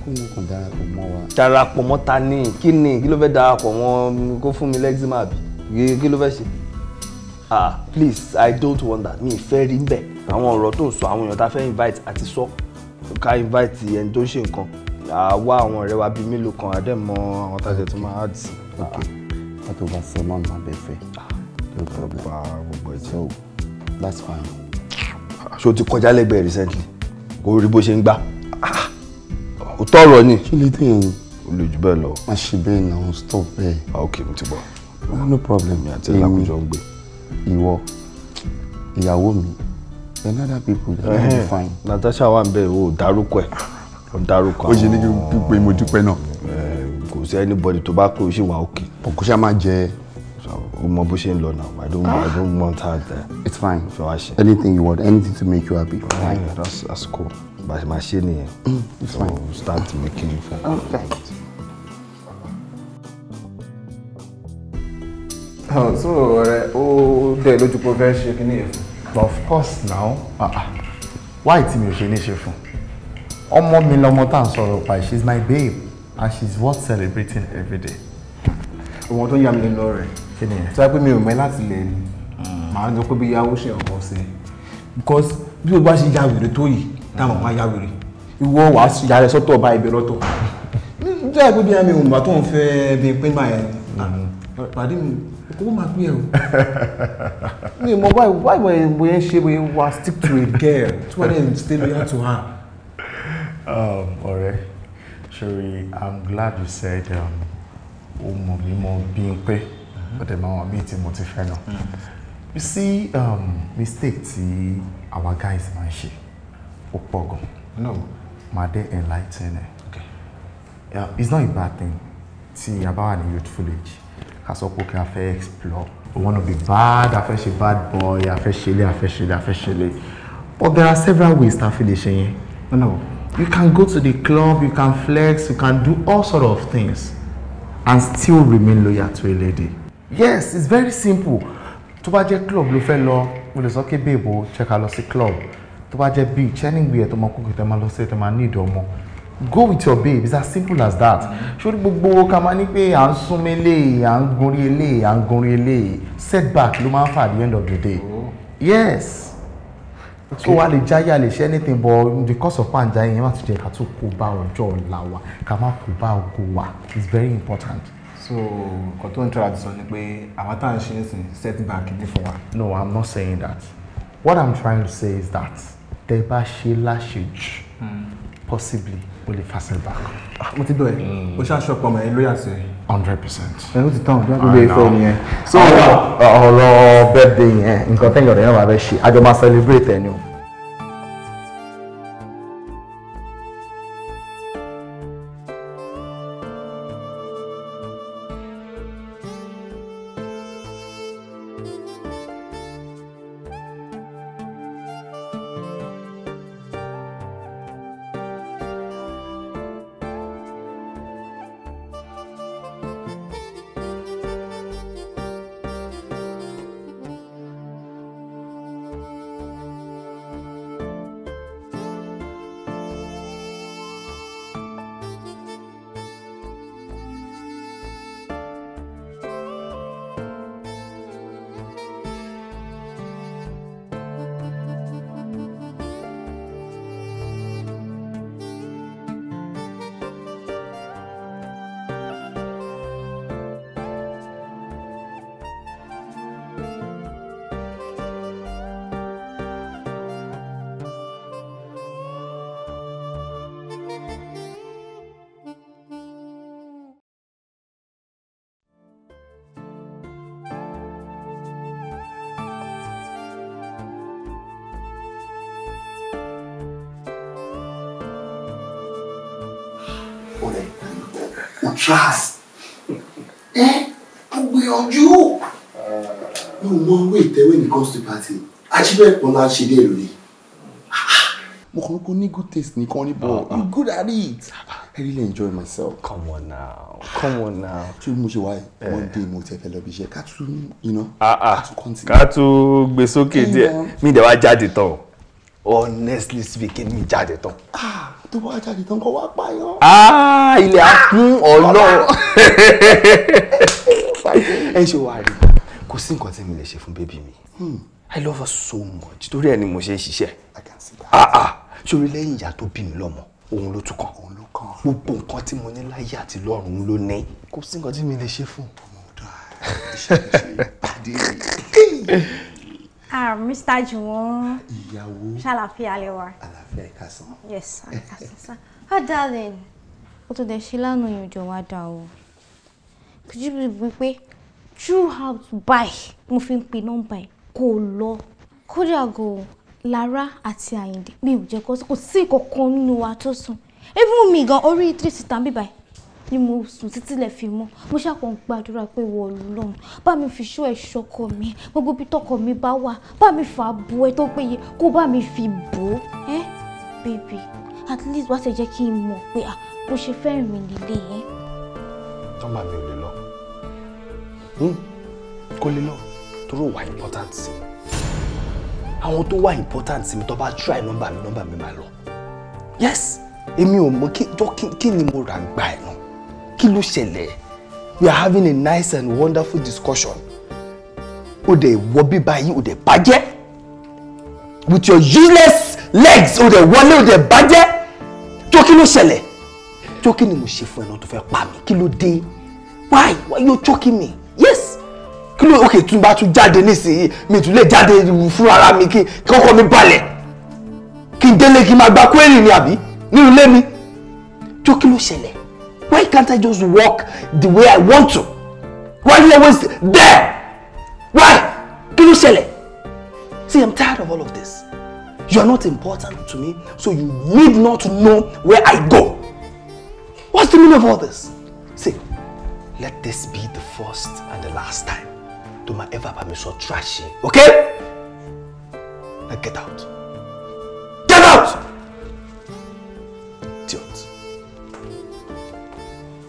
kó ní darapọ̀ mọ́ wa.
darapọ̀ mọ́ ta ni kí ni kí ló fẹ́ darapọ̀ wọn kó fún mi lẹ́gísímà àbí kí ló fẹ́ ṣe ah please i don't want that mi ìfẹ́ rí bẹ́ẹ̀ àwọn ọ̀rọ̀ tó ń sọ àwọn èèyàn tá a fẹ́ invite àti sọ ká invite ẹni tó ń ṣe nǹkan àwa àwọn ọ̀rẹ́ wa bíi mélòó kan àdẹ́mọ àwọn tájẹ tó máa dì. ok wọn tó bá sọ náà máa bẹ fẹ no problem so that's fine. aṣọ ti kọjá lẹ́gbẹ̀ẹ́ recently kò rí bó ṣe ń gbà kò tọrọ ni. ṣé lè dé yẹn. o lè jù bẹ́ẹ̀ lọ.
má ṣe bẹ́ẹ̀ náà stop bẹ́ẹ̀. Ah, ok mo ti bọ̀. no problem èmi àti ìlàkùjọ ń gbé. ìwọ ìyàwó mi then people they don't fine.
Natasha wà ń bẹ̀ o dárúkọ ẹ̀ o dárúkọ àwọn. ó ṣe ní kí n dúpẹ́ mo dúpẹ́ náà. Eh, kò sí anybody tó bá kúrò ṣì wà òkè. òkúṣà máa jẹ o mọ bó ṣe ń lọ now i don't i don't want her there. it's fine so, anything
you want anything to make you happy. Fine. Eh,
that's that's cool bá machine, máa so fine. start making phone okay. calls.
so ọ̀rẹ́ ó dẹ̀ lójú pé ó fẹ́ ṣe of course now ah, ah. why it me finish it for? ṣe fún ọmọ mi lọmọ tá à my babe and she's worth celebrating every day. ọmọ tó yà mí lọ rẹ̀ kí So yẹn. tó yà pé mi ò mẹ́ láti lẹ̀ ni màá jọ pé bí yahoo ṣe ọkọ̀ sí i because bí o bá ṣe ya wèrè tó yìí táwọn máa yá wèrè ìwọ wàá sí yàrá sọ́tọ̀ ọba ibẹ̀ lọ́tọ̀ nítorí àìpé bí i àmì tó ń fẹ́ bí i pín báyẹn pàdé mi kó máa pín ẹ̀rù mi mọ báyìí báyìí mo yẹn ṣe wọ́n wá stick to a girl tí wọ́n dẹ̀ stay loyal to her. Um, ọ̀rẹ́ sori i'm glad you said um, o mọ̀ mi mọ̀ bí n pé ọ̀dẹ̀ máa wà mí tí mo ti fẹ́ náà mm-hmm. you see um, mistake tí our guys máa ń ṣe ó no máa dé enlightening okay. Yeah, it's not a bad thing about a youthful age ká sọ pé kí explore we wanna be bad a fẹ́ ṣe bad boy a fẹ́ ṣẹlẹ̀ a fẹ́ ṣẹlẹ̀ a fẹ́ ṣẹlẹ̀ but there are several ways to fi lè no no you can go to the club you can flex you can do all sort of things and still remain loyal to a lady yes it's very simple tó bá jẹ́ club ló fẹ́ lọ mo lè sọ pé check out lọ sí club tó bá jẹ́ beach anywhere tó máa kó kìtẹ́ máa lọ sí ẹ̀tẹ́ máa ní ọmọ go with your babe it's as simple as that mm-hmm. ṣórí gbogbo ká máa ní pé à ń súnmọ́ eléyìí à ń gunrí eléyìí à ń gunrí eléyìí setback ló máa ń fà at the end of the day oh. yes so wa lè jáyà lè ṣe anything but because of pàǹjá yẹn má tún jẹ ká tún kó bá ọjọ́ ọ̀la wa ká má kó bá ògo wa it's very important. so nǹkan tó ń tẹ́ra ti sọ ni pé àwọn tá à ń ṣe é sìn ní fún wa. no i'm not saying that what i'm trying to say is that tẹ bá ṣe láṣejù possibly o lè fasten back.
Ah, mo ti dọ̀ ẹ́ o ṣáà ṣọpọ̀ mọ̀
ẹ́ lóyà sí ẹ. hundred percent. ẹ o ti tán bí wọ́n ti fẹ́ nìyẹn. so ọ̀rọ̀ birthday yẹn nǹkan tẹ́yìn ọ̀rẹ́ yẹn wà á fẹ́ ṣe àjọ máa celebrate ẹ̀ ni o.
you.
mi ò mọ owó
ìtẹ́wé ní comes to party achievement kan náà ṣe dé ìròyìn. mo kàn kó ní good taste nìkan ní bọ̀ oh,
i'm good at it.
I really enjoy myself. Come on now,
come on now. Ṣé mo ṣe wá eh. One day mo tẹ fẹ́ lọ bí iṣẹ́. Ká tún iná. Ah, ah. Ká tún continue. Ká tún gbé sókè díẹ̀. Mi dẹ̀ wá jáde tán. Honestly speaking, mi jáde tán. Ah,
tó bá jáde tán, kò wá
pààyàn. Ilé á kún ọlọ́run. ẹ ṣe wà rí kò sí nǹkan tí mi lè ṣe fún bébí mi hmm. i love her so much torí ẹ ni mo ṣe ń ṣiṣẹ́ ah ah sórí lẹ́yìn ìyá tó bí mi lọ́mọ òun ló tún kàn òun ló kàn gbogbo nǹkan tí mo ní láyé àti lọ́run ló ní kò sí nǹkan tí mi lè ṣe fún
Ah, Mr. Juwon. Ìyàwó. Ṣàlàfíà lẹ wà.
Àlàfíà ìkàsán.
Yes, ìkàsán sá. Oh, darling. Ó tún dẹ̀ ṣe lánàá ìyànjọ wa dà o could you believe wípé throughout báyìí mo fi ń pe nọ́mbà ẹ̀ kò lọ kódà go Lára àti Àyìndé mi ò jẹ́ kó sí kankan nínú wa tó sùn even mi gan orí three sita bíbáyìí ni mo sùn títí lẹ fi mọ mo ṣàpọ̀ ń gbàdúrà pé wọ Ọlọ́run bá mi fi ṣọ́ ẹ̀ṣọ́ ọkọ mi gbogbo bí tọkọ mi bá wà bá mi fà á bo ẹ tó péye kó bá mi fi bò ó ẹ bèbè at least wá ṣe jẹ́ kí n mọ̀ pé bó ṣe fẹ́ rìn nílé yẹn.
tọ́mà mi ò lè lọ. Hmm? kó lè lọ tóró wà important sí mi àwọn tó wà important sí mi tó bá try nọ́mbà mi nọ́mbà mi máa lọ yes èmi ò mọ kí ni mo rà ń gbà ẹ̀ nù kí ló ṣẹlẹ̀ we are having a nice and wonderful discussion o de wọ bí báyìí o de bàjẹ́ with your useless legs o de wọlé o de bàjẹ́ tó kí ló ṣẹlẹ̀ tó kí ni mo ṣe fún ẹ náà tó fẹ́ pa mí kí ló dé why why you choking me yes kí ló òkè tún bá tún jáde nísìnyí mi tún lè jáde fún ara mi kí kọ́kọ́ mi balẹ̀ kí n délé kí n máa gba kúrẹ́rì ni àbí nínú ilé mi jó kí ló ṣẹlẹ̀ why can't I just walk the way I want to why do you always there why kí ló ṣẹlẹ̀ see I'm tired of all of this you are not important to me so you need not know where I go what's the meaning of all this see let this be the first and the last time tó máa ever bá mi sọ trash okay now get out get out idiot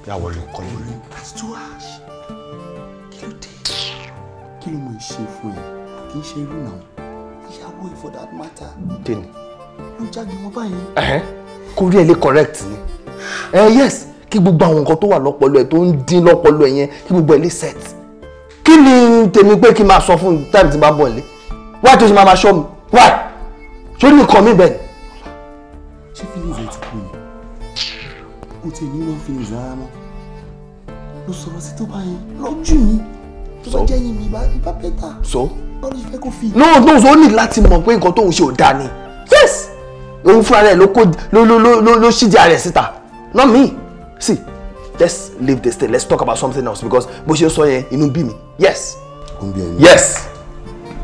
yà wọlé kọ́ lórí. it's too harsh Kill ló Kill kí ni mo ṣe fún ẹ kì í ṣe for that matter. kí ni. mo jáde wọn báyìí. kò rí ẹ lè correct me? Uh, yes kí gbogbo àwọn nǹkan tó wà lọ́pọlọ ẹ̀ tó ń dín lọ́pọlọ ẹ̀ yẹn kí gbogbo ẹ̀ lè set kí ni tèmi pé kí n máa sọ fún táìmù tí bá bọ̀ lé wáyé tó ṣe máa máa ṣọ́ mi wáyé sórí nǹkan mi bẹ́ẹ̀ ni.
ṣé feelings ẹ ti kú ni
kò tẹ̀ ní wọ́n feelings rárá mọ́
ló sọ̀rọ̀ sí tó bá yẹn lọ́jú mi tó bá jẹ́ yín mi ìbá bẹ́tà
lọ́dún ìfẹ́ kò fi. no no so ní láti mọ̀ pé nǹkan tóun ṣe ò dáa ni yes òun fúnra rẹ̀ ló ṣíjà rẹ̀ síta not me see let's leave this thing let's talk about something else because bó ṣe sọ yẹn inú bí mi yes. ó ń bí ẹni. yes.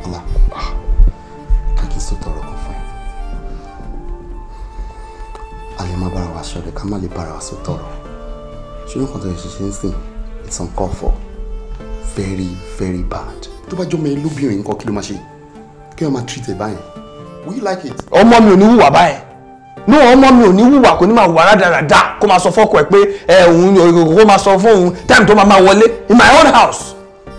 ọlá kàkí sọtọ ọ̀rọ̀ kan fún ẹ a lè má bára wa sọ̀rọ̀ ká má lè bára wa sọtọ ọ̀rọ̀ ṣùgbọ́n kan tó yẹ ṣiṣẹ́ ń sìn it's uncalled for very very bad tó bá jọmọ ẹ lóbìnrin nǹkan kí
ló máa ṣe kí wọn máa treat ẹ báyìí will you like it. ọmọ mi ò ní hùwà báyìí ní wọn mọ mi ò ní wùwà kò ní máa wà rádaràda kó máa sọ fọkọ ẹ pé ẹ òun kó máa sọ fún òun time tó máa máa wọlé in my own house.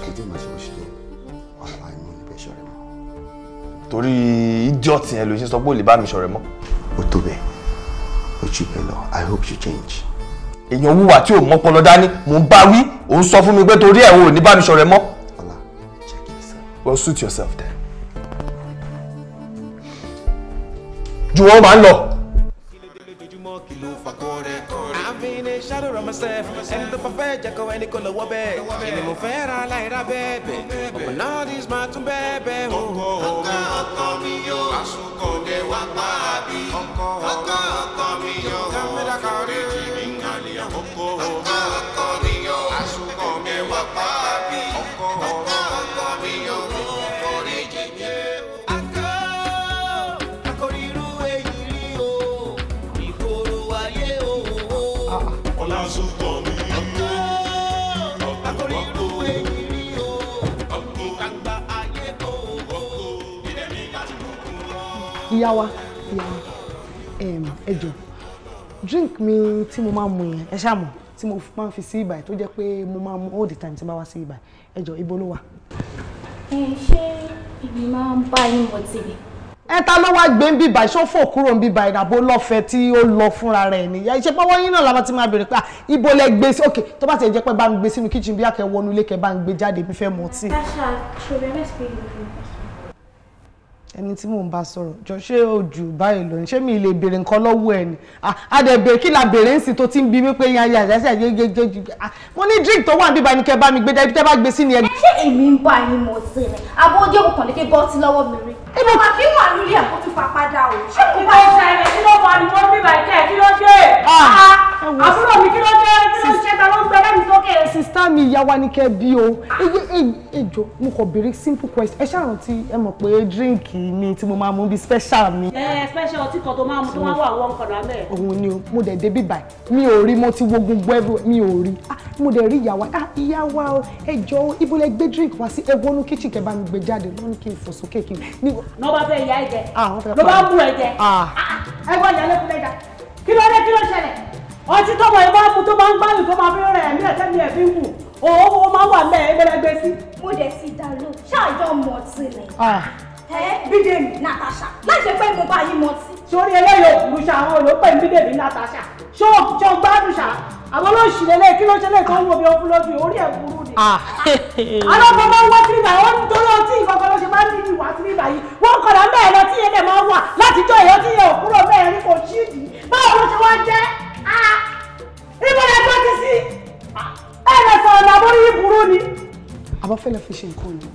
kéde máa ṣe bó ṣe wà á mú níbẹ̀ ṣọ̀rẹ́ mọ́. torí idiot yẹn ló ṣe sọ pé ò lè bá mi ṣọ̀rẹ́ mọ́. ó tó bẹ́ẹ̀ ó jù bẹ́ẹ̀ lọ i hope you change. èèyàn wùwà tí ò mọ ọpọlọ dání mò ń bá wí òun sọ fún mi pé torí ẹ̀ ò ní bá mi ṣọ̀rẹ́ mọ́. ọlá well suit yourself then. ju wọn máa ń lọ.
from myself ẹni tó bá fẹ́ jẹ́ kó ẹni kò lọ́wọ́ bẹ́ẹ̀ ẹni mo fẹ́ ra láìra bẹ́ẹ̀bẹ̀ ọmọ náà ní máa tún bẹ́ẹ̀bẹ̀ o. ọkọ ọkọ mi yóò àsùnkọ dé wá pa á bí ọkọ ọkọ mi yóò kámẹ́rà kan rí jìnnì àlè àkókò ọkọ ọkọ mi yóò àsùnkọ dé wá pa á bí.
ìyá wa ìyá wa drink mi tí mo máa mu yẹn ẹ ṣáà mọ̀ tí mo máa ń fi sí ibà tó jẹ́ pé mo máa mu all the time tí n bá wá sí ibà ẹ ibo ló wà.
ṣé ibi máa ń bá yín mọ̀ tìrì.
ẹ ta ló wá gbé ń bí ibà ìṣòfò kúrò ń bí ìdàbò lọ́fẹ̀ẹ́ tí ó lọ fúnra rẹ̀ ni ṣe pé wọ́n yín náà làwọn ti máa bèrè pé ah, ibo lẹ gbé sí òkè tó bá ti jẹ́ pé bá ń gbé sínú kíchìn bí akẹ́wọ́nú ilé kẹ́ bá ń gbé jáde mi fẹ́ mọ̀ tí. ẹ
ṣòro ẹ
ẹni tí mò ń bá sọ̀rọ̀ jọ ṣé o jù báyìí lọ ṣé mi lè béèrè nǹkan lọ́wọ́ ẹ̀ ni a dẹ̀ béèrè kí la béèrè ńsìn tó ti ń bi mí pé yan yàrá sí àyèjèjè jù mo
ní drink tó wà níbí bá ní kẹ́ bá mi gbé dá ibi tẹ́ bá gbé sí ni ẹ. ṣé èmi ń bá ẹni mọ̀ sí ni àbọ̀ ojú lè ké bọ́ sí lọ́wọ́ mi rí. Ibo ma fi wà lórí ẹ̀ kó tún fa padà o. Ah, ah, mi kí
eh, ni kẹ́ bí o. Ejò mo kàn béèrè simple question. Ẹ ṣáà rántí ẹ mọ̀ pé díríǹkì mi tí mo máa mú bí special mi. Ẹ
eh, special ti kan tó máa mú tó máa wà
wọ́n kọ̀dà mẹ́. Òun ni o, mo dẹ̀ dé bí bàí. Mi ò rí, mo ti wo gbogbo ẹ̀rọ mi ò rí. Ah, mo dẹ̀ rí ìyá wa, ìyá wa o, ẹ jọ ibo lẹ gbé díríǹkì wá sí ẹwọ́nú kíchìn kẹ́ bá mi gbé jáde lọ́nù
kí n fò sókè kí n n'ọba fẹ́ ya ẹ̀jẹ̀ ah, n'ọba mú ẹ̀jẹ̀ ah. ah, ẹgbẹ́ ìyá lẹ́kùn
lẹ́jà kí ló dé kí ló ṣẹlẹ̀
ọtí tó wọ̀ ẹ̀ bá mu tó máa ń gbádùn tó máa fi rẹ̀ ẹ̀mí ẹ̀tẹ́mi ẹ̀fí wù owó máa wà mẹ́ ẹgbẹ́lẹ́gbẹ́ sí.
mo dẹ̀ ti dàlú ṣáàjọ mọ̀
tilẹ̀
bídèmí Natasha
láti pẹ́ mo bá yín mọ̀ sí. sórí eléyìí òkú ṣàwọn olóòpẹ̀ Natasha ṣé o ṣe o gbádùn ṣá àwọn olóòṣì lélẹ̀ kí ló ṣe lè tó ń wo bí ọkùnrin lójú orí ẹ̀ burú ni. Ah. alọ́kọ̀ máa ń wá sí ibà wọn nítorí ọtí ìkọ̀kọ̀ ló ṣe máa ń ní ìwà sí ibà yìí wọ́n kọ̀dà bẹ́ẹ̀ lọ tí yẹn lè máa wà látijọ́ ìyọ́ tí yẹn ò kúrò bẹ́ẹ̀ rí kò ṣíìdì báwo ló ṣe wá jẹ́ ah. ibo la gbọ́ ti sí ah. ẹ̀ lọ sọ̀rọ̀ làbórí burú ni.
àbọ̀fẹ́lẹ̀ fi ṣe nǹkan ni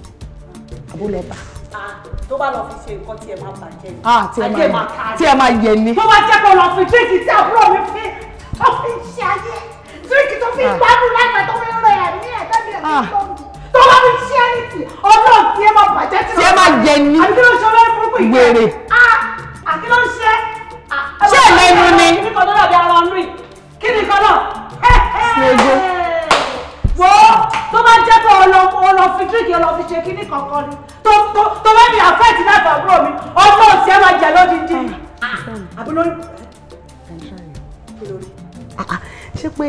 àbó lọ bá
a. Ah, tó bá lọ fi ṣe nǹkan tí ẹ máa bàjẹ́ ni ah, ajé máa ká ni tí ẹ máa yẹ ni. tó bá jẹ́ kó lọ fi dírìkì tí àbúrò mi fi ọ fi ṣe ayé dírìkì tó fi ah. gbádùn láìpẹ́ tó fi rẹ̀ ẹ̀mí ẹ̀ tẹ́lẹ̀ ẹ̀mí tó bá fi ṣe ẹni tì ọlọ́run tí ẹ máa bàjẹ́ tí ẹ máa yẹ ni wèrè. àti ló ń ṣe ṣé ẹ lẹ́nu ni kí ni kan náà wo tó bá jẹ́ pé ọlọ fi dírìkì ọlọ fi ṣe kíní kankan ni tó bá mi àfẹ́ẹ̀tì láti àbúrò mi
ọjọ́ òsì ẹ̀ máa jẹ́ lódìdí àbí lórí.
ṣé pé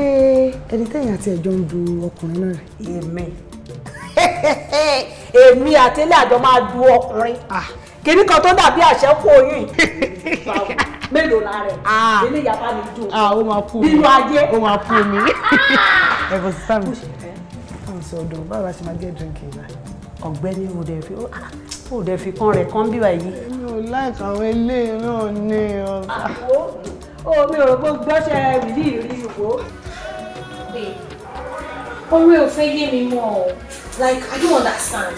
ẹni tẹ̀yìn àti ẹ̀jọ́ ń du
ọkùnrin náà rẹ̀. èmi èmi àtẹ́lẹ̀ àjọ máa du ọkùnrin ah. kìíní kan tó dàbí àṣẹ́kù oyún mélòó la rẹ̀ ah. ilé ìyàbá mi dùn ah, nínú ajé ó máa fún mi. ẹ bọ̀ sísá
mi ọ̀hún sọ ọ̀dọ̀ báwo la ṣe máa gẹ́ drink yìí báyìí. ọ̀gbẹ́ni o dẹ̀ fi o ah,
dẹ̀ fi kan rẹ̀ kan bí báyìí.
mi ò láìka àwọn eléyìí náà ní ọba.
o ah, mi ò rò pé gbọ́sẹ̀ wìlí rí wo. orí ò fẹ́ yé mi mọ́ ọ like I don't understand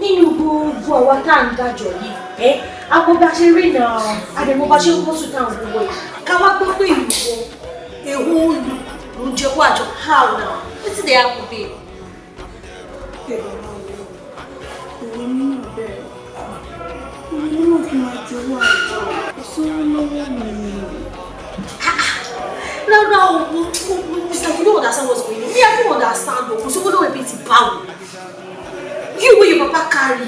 nínú gbogbo àwa tá à ń dájọ́ yìí ẹ àpò bá ṣe rí náà àdèmó bá ṣe ń kó sùn táwọn gbogbo yìí ká wá gbọ́ pé ìlú wo olùkọ́. Njebu Ajo, how now? Wetin dey happen, babe? Babe, I know you. Nínú kí máa jọ̀wọ́ àjọ, kò sówó lọ́wọ́ mi we we we we don't understand what's going on. We have to understand o, kò sówó lọ́wọ́ ibi ti bá o. You will your papa carry.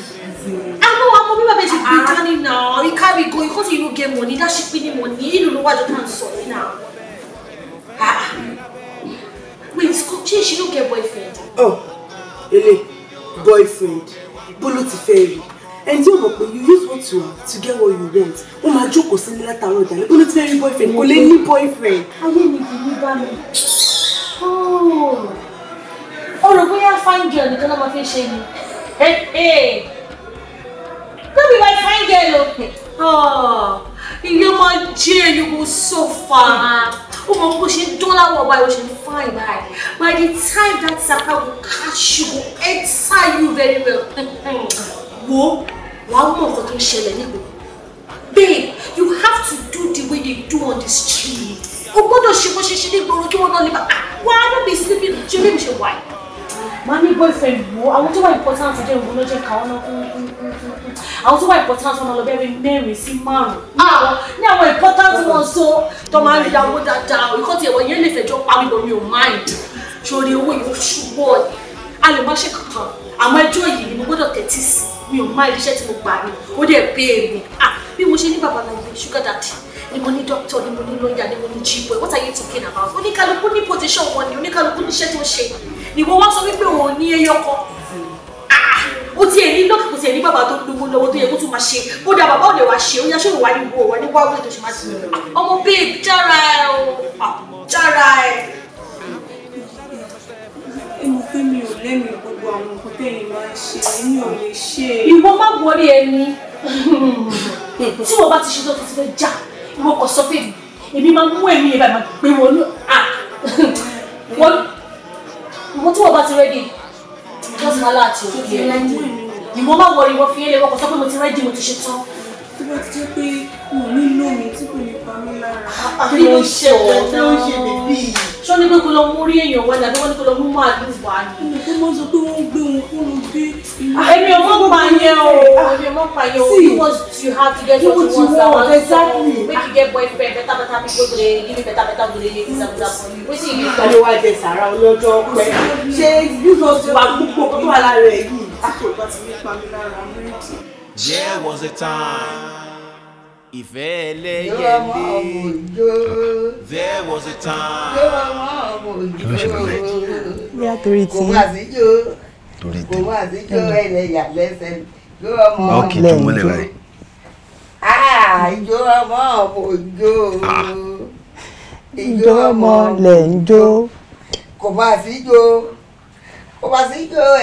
Àmọ́ wa mọ bí bàbá ṣe gbé dání náà, he carry go, he come say he no get money, that shit pay me money, You don't know why I just can't sọ me now. Ah, ah. Wait, Jane, she don't get boyfriend.
Oh, Ele, boyfriend. Bolo ti fẹ́ rí. Ẹni tí o mọ̀ pé you use what you have to get what you want. Ó máa jókòó sílé látàárọ̀ ìdálẹ́. Bolo ti fẹ́ rí boyfriend. Kò lè ní boyfriend.
Ayé mi kì í bá mi. Ọ̀rọ̀ oh, bóyá fine girl nìkan náà máa fi ṣe ni. Ẹ no be my fine girl o. Oh. Iye máa jẹ́ you will suffer. Ó mọ bó ṣe ń dán láwọ̀ báyìí, ó ṣe ń fine báyìí. By the time that sapa will catch you, go enter you very well. Wo wàá mọ̀ nǹkan tó ń ṣẹlẹ̀ nígbò. Babe, you have to do the way they do on the street. O gbọ́dọ̀ ṣe bó ṣe ṣe nígboro kí wọ́n náà lè bá. Ah, wàá ló bí síbí ṣe bí mi ṣe wà máa ní boyfriend wo àwọn tó wà important jẹ́ òun ló jẹ́ káwọn náà kún kún kún kún àwọn tó wà important wọn lọ bẹ́ẹ̀ mẹ́rin sí márùn Ah, ní àwọn important wọn so tó máa ń rí ìyàwó dáadáa ìkọ́ tí ẹ̀wọ̀n yẹn lè fẹjọ́ parí bọ̀ mi ò mind sórí owó yìí ṣùgbọ́n a lè má ṣe kankan àmọ́ ẹjọ́ yìí ni mo gbọ́dọ̀ tẹ́tí sí mi ò mind iṣẹ́ tí mo gbà ní ó dẹ̀ pé èmi bí mo ṣe ní bàbá náà yìí sugar daddy ni mo ní doctor ni mo ní lawyer ni mo ní boy. what are you talking about oníkálukú ní position wọn ni oníkálukú ní iṣẹ́ tó ń ṣe ìwọ wá sọ wípé òun ní ẹyọkọ ah, o ti ẹni lọ́kì kò ti ẹni bàbá tó lówó lọ́wọ́ tó yẹ kó tún máa ṣe bóda bàbá ò lè wá ṣe ó yẹ ṣòro wá ní wo wá ní wá wọlé tó ṣe máa ṣe ọmọ babe jára ẹ o ah, jára ẹ. ẹ mọ̀ pé mi ò lẹ́nu gbogbo àwọn nǹkan tẹ̀yìn máa ń ṣe mi ò lè ṣe. ìwọ má wọrí ẹni tí wọn bá ti ṣe tó ti fẹ́ já ìwọ kò sọ fèmí èmi máa mú ẹ̀mí yẹn báyìí máa gbé wọn ah, náà àmọ́ tí wọ́n bá ti rẹ́dì wọ́n ti máa láti òkè ìwọ má wọrí wọ́n fi é lé wọ́n kò sọ pé mo ti rẹ́dì mo ti ṣe tán tó bá ti jẹ́ pé mo nílò mi tí kò ní pa mí lára. Ah, kí ló ń ṣe ọ̀rọ̀ kí ló ń ṣe bèbí yìí. sọ ni pé kó lọ mú rí èèyàn wá ni àbí wọ́n ní kó lọ mú màálù wá ni. ẹnì kan máa ń sọ pé wọ́n ń gbé wọn kó lọ gbé. èmi ò mọ̀ pa yẹn o ah, èmi ò mọ̀ pa yẹn o you want to have to get what you want now and exactly. make you get boyfriend better better people go dey eh, give you better better go dey eh, dey give you better for you wetin you do. àríwá jẹ sàrà ọlọ́jọ́ pẹ́ ṣé bí
wọ́n ti wà gbogbo tó wà lára ẹ̀ yìí.
àkókò ah, ti ní pa mí lára mú
There was a time. Ìfẹ́ ẹlẹ́yẹlé. There was a time.
Kí ló ṣe bẹ̀rẹ̀? Kò wá síjó. Torí Kò wá síjó ẹlẹ́yà lẹ́sẹ̀. Jó ọmọ Ọkì tó múlẹ̀ báyìí. Áà ọmọ ọmọ òjò. Ìjó ọmọ lẹ̀ ń jó. Kò wá síjó. Kò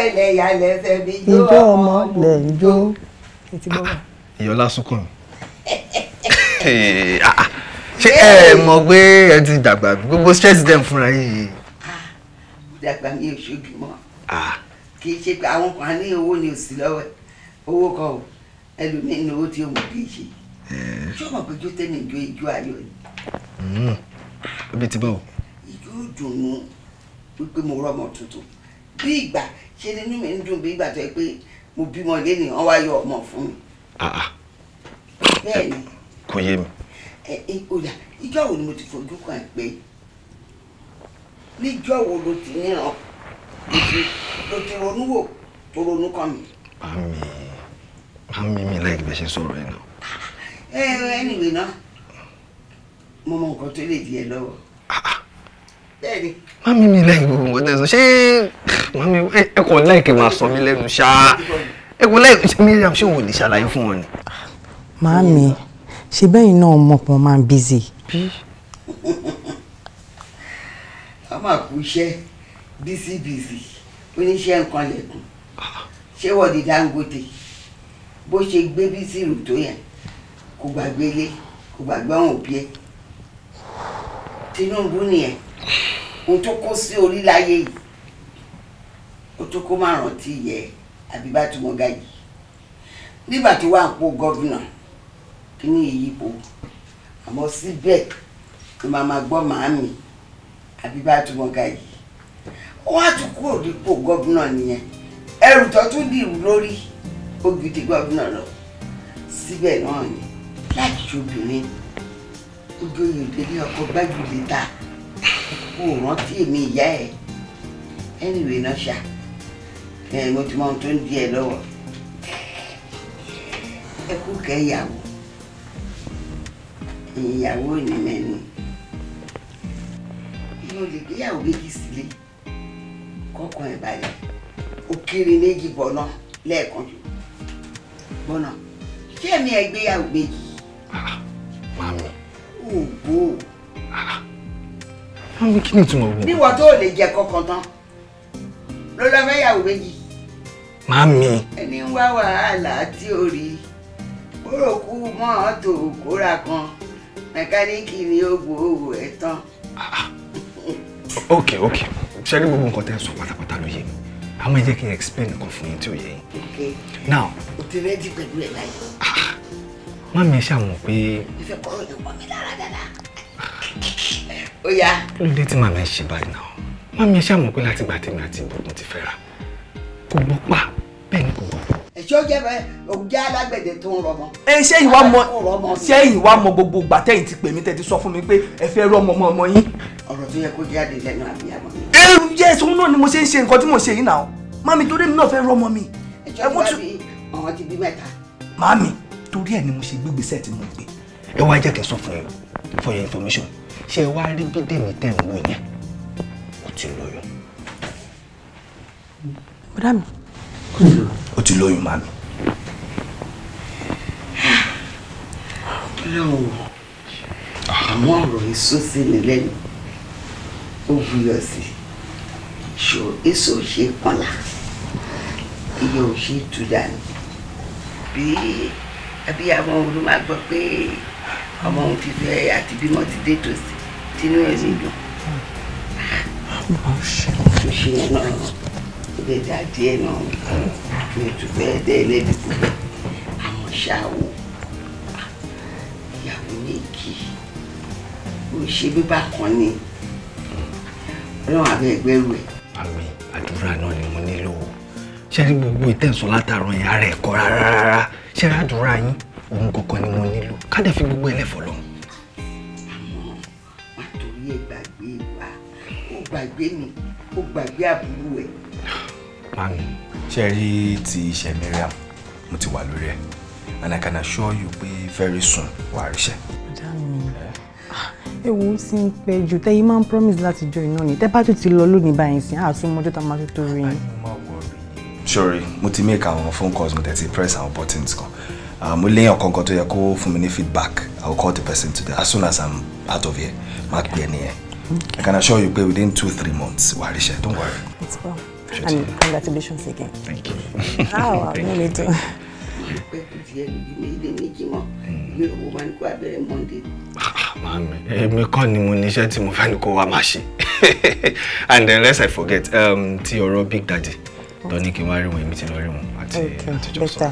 ẹlẹ́yà lẹ́sẹ̀. Ìjó ọmọ lẹ̀ ń jó ètí gbọ́
sunkún ah, ah. ṣé ẹ mọ̀ pé ẹ ti dàgbà gbogbo stress dem fúnra yìí. Ah,
dàgbà mi ò ṣojú mọ́ kì í ṣe pé àwọn kan ní owó ni ò lọ́wọ́ owó kan o ẹlòmíín ni owó tí òun kì í ṣe ṣé o mọ̀ pé jó tẹ́lẹ̀ jó ijó ayọ̀ ni.
Hmm. ibi tí báwo.
ìjó dùnú wípé mo rọ́mọ tuntun bí ìgbà ṣe nínú mi ń dùn bí ìgbà tó yẹ pé mo bímọ lẹ́nu wọn wá yọ ọmọ fún mi. Ah, ah. bẹ́ẹ̀ni kò yé mi. ẹ ẹ ọ̀dà ìjọ wo ni mo ti fojú kan ẹ pé níjọ wo ló ti níran ló ti ronú wò tó ronú kan mi. àmì
àmì mi láì gbèsè sọ̀rọ̀ ẹ̀ náà.
ẹ ẹ ẹnìwé náà mo mọ nǹkan tó lè di ẹ lọ́wọ́. Ah, bẹ́ẹ̀ni.
mami mi láì gbogbo nǹkan tẹ̀sán ṣé mami ẹ kò láìkè máa sọ mí lẹ́nu ṣáá ẹ kò láìkè ṣé Mariam ṣé òun ò lè ṣàlàyé fún wọn ni.
mami ṣe bẹ́yìn náà mọ̀ pé wọ́n máa ń bízì.
a máa kú iṣẹ́ bísí
bísí oníṣẹ́ nǹkan lẹ̀kùn ṣé wọ́n di Dangote bó ṣe gbé bísí rù tó yẹn kò gbàgbé ilé kò gbàgbé àwọn òbí ẹ Tinubu nìyẹn ohun tó kó sí orí láyé yìí ó tó kó má rántí yẹ àbí bá tí wọ́n ga yìí nígbà tó wà ń po gọ́vìnà kí ni ìyípo àmọ́ síbẹ̀ ló máa máa gbọ́ màámi àbí bá tí wọ́n ga ó wá tún kúrò dípò gọ́vìnà nìyẹn ẹrù tó tún dìrú lórí ó gidi gọ́vìnà lọ síbẹ̀ náà ni láti obìnrin ojú oyè délé ọkọ̀ lè ta o rántí èmi ìyá ẹ ẹnìwé náà ṣá ẹ mo ti mọ ohun tó ń di ẹ lọ́wọ́ ẹ kú kẹyàwó ìyàwó ní mẹ́nu mo lè gbéyàwó méjì sílé kọ́kàn ẹ̀ balẹ̀ ó kéré méjì bọ̀nà lẹ́ẹ̀kan jù bọ̀nà ṣé èmi ẹ gbéyàwó méjì. Ah, màmí. ògbó. Ah
àwọn kí ni tí mo wọ. bí
wọ́n tó lè jẹ kankan tán ló lọ fẹ́ yàwó méjì.
màámi.
ẹni ń wá wàhálà tí ò rí kúròkú mọ́tò kóra kan mẹkáníìkì ni ó gbowó ẹ̀ tán.
ok ok ṣe ní gbogbo nǹkan tẹ́ ẹ sọ pátápátá ló yé mi àwọn ẹ jẹ́ kí n explain nǹkan fún yín tí ò yé yín. ok now.
o ti rẹ́dí pẹ̀lú ẹ̀ láyé. Ah,
má mi ṣàwọn pé.
ìfẹ́ kọ́rọ̀ yóò pọ̀ mí dáradára. Oh yeah.
kí ló dé tí màmá ẹ ṣe báyìí náà màmá ẹ ṣàmọ̀ pé láti gbà tèmi àti ìbùkún ti fẹ́ra kò gbọ́ pa bẹ́ẹ̀ ni kò
gbọ́. èso jẹ bẹ òjá alágbẹ̀dẹ tó ń rọmọ.
ẹ ṣé ìwà mọ ṣé ìwà mọ gbogbo ìgbà tẹ́yìn ti pè mí tẹ́ ti sọ fún mi pé ẹ fẹ́ rú ọmọ ọmọ yín. ọ̀rọ̀ tó yẹ kó jáde lẹ́nu àbíyá mọ́ mi. ẹ yẹ ẹsùn náà ni mo ṣe ń ṣe nǹkan tí mo ṣe yìí náà mami torí mi náà fẹ́ rú ọmọ mi. ẹjọ́ ìwádìí ọ̀hún ti bí mẹ́ta. mami torí ẹ̀ ni mo ṣe gbégbèsẹ̀ tí mo gbé ẹ wá jẹ́ kẹ́ sọ fún ẹ for your information ṣé ẹ wá rí bídèmí tẹ̀ ń wò yẹn ó ti lóyún. bọ́dà mi. ó ti lóyún màmí. lọ́wọ́ àmọ́
ọ̀rọ̀ èso sí ni lẹ́nu ó buyọ̀ sí ṣò èso ṣe kànlá iye ò ṣe tù dànù bí abiyamọ olùmọ̀ gbọ́ pé ọmọ òun ti fẹ́ àti bí wọ́n ti dé tòsí tínú ẹ̀ ní dùn. tó ṣe yẹn náà ó lè dà díẹ̀ náà mi ò tún fẹ́ dé ẹlẹ́dì púpọ̀ àmọ́ ṣá o ìyàwó méjì ó ṣe bíbá kan ni ọlọ́run àbẹ́ ẹgbẹ́rú ẹ̀. àmì
àdúrà náà ni mo nílò ṣé ní gbogbo ìtẹ̀sán látàrọ yẹn ara ẹ̀ kọ́ rárá ṣé àdúrà yín òun kankan ni mo nílò ká fi gbogbo ẹlẹ́fọ̀ lọ́hùn. àmọ́
má torí ẹ gbàgbé wa ó gbàgbé mi ó gbàgbé àbúrò ẹ.
mami ṣe rí ti iṣẹ́ Mariam mo ti wà lórí ẹ and I can assure you pé very soon wà á ríṣẹ́.
Ah,
ewu ń sin pẹ jù tẹyin máa ń promise láti jọ iná ni tẹ́ bá tó ti lọ lónìí báyìí sin àsomọjọ tá a máa tó tó rí yín.
sorry mo ti make àwọn phone calls mo tẹ̀ ti press àwọn buttons kan mo um, léyàn kankan tó yẹ kó fún mi ní feedback i call the person today as soon as i'm out of here máa pè here. nìyẹn i can assure you within two three months wà á ríṣẹ́ don't worry. it's well
and you. congratulations again. thank you. how ah, are you doing.
Mami,
èmi kọ́ ni mo níṣẹ́ tí mo fẹ́ ni kó wá And unless I forget, um, to your Big Daddy, don't ní kí n wá rí wọn, èmi
ti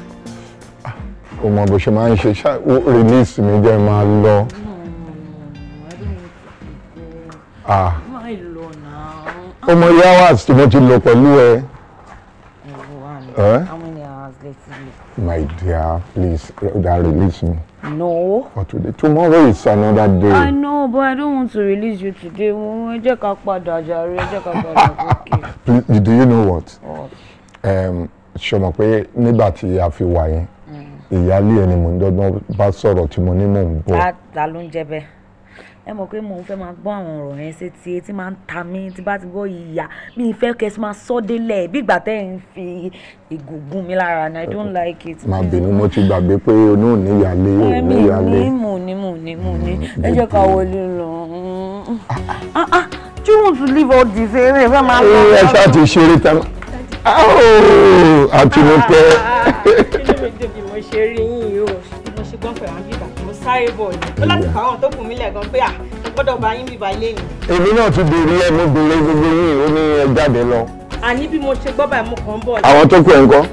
kò mọ bó ṣe máa ń ṣe ṣá release mi jẹ́ máa lọ. Ah.
Ah.
ó mọ iye hours tí mo ti lò pẹ̀lú ẹ. How
many hours later?
My dear, please, that release me. No. For today. Tomorrow is another day. I
know, but I don't want to release you today. Ẹ jẹ́ ká padà jàre, ẹ jẹ́ ká padà okay.
Please, do you know what? What? Um, ṣọmọ pé nígbà tí a fi wà yẹn ìyáálé ẹni mò ń dọ́gbọ́n bá sọ̀rọ̀ tí mo ní mò ń bọ̀.
ta ló ń jẹ bẹ́ẹ̀ ẹ mọ̀ pé mò ń fẹ́ máa gbọ́ àwọn ọ̀rọ̀ yẹn ṣe ti etí máa ń ta mí tí bá ti gbọ́ ìyá mi ìfẹ́ kẹsì máa sọ délẹ̀ bí ìgbà tẹ́ ń fi ìgògùn mi lára and I don't like it. màá bínú
mo ti gbàgbé pé onú ò ní ìyáálé ò ní ìyáálé. mi
mò ní mò ní mò ní ẹ jẹ́ ká wọlé lọ. do you want to leave
all this eré fẹ́
máa lọ. ẹ ṣáà
ti ṣeré tán. àti mo pẹ́
lójú bí mo ṣe rí yín yìí o mo ṣe gbọ́n pẹ̀lú àbíbà mo sáré bọ̀ ni ó láti kà wọ́n tó kù mí lẹ́gàn pé à mo gbọ́dọ̀ bá yín bíbá ilé mi.
èmi náà ti bèrè ẹ mo bèrè gbogbo yín ó ní ẹ jáde lọ.
àní bí mo ṣe gbọ́ báyìí mo kàn ń bọ̀. àwọn tó kù ẹ̀ ń kọ́.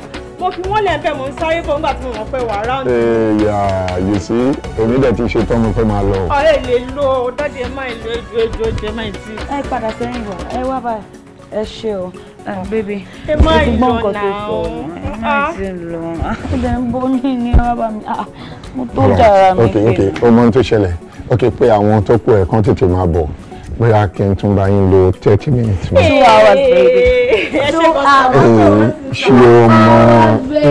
mo fi wọ́n lẹ̀ ń bẹ̀ mo ń sáré bọ̀ nígbà tí mo mọ̀ pé wà á ráùn.
ẹ̀yà eh, yèsí èmi dẹ̀ ti ṣe tán mo fẹ́ máa lọ.
ọ̀rẹ́ lè lo dájú ẹ má ìlú ejò ejò ejò ẹ má ì
Ah, baby, ah, ah. ẹ má yọ náà ẹ má ti lọ ó dẹ̀ ń bọ́ ní ní rábà mi mo tó jàrá mi. ok ok
ọmọ tó ṣẹlẹ̀ ok pé àwọn tó kú ẹ̀ kan tètè máa bọ̀ bóyá kí n tún bá yín lo thirty minutes. two
hours baby two hours.
ṣé o mọ pé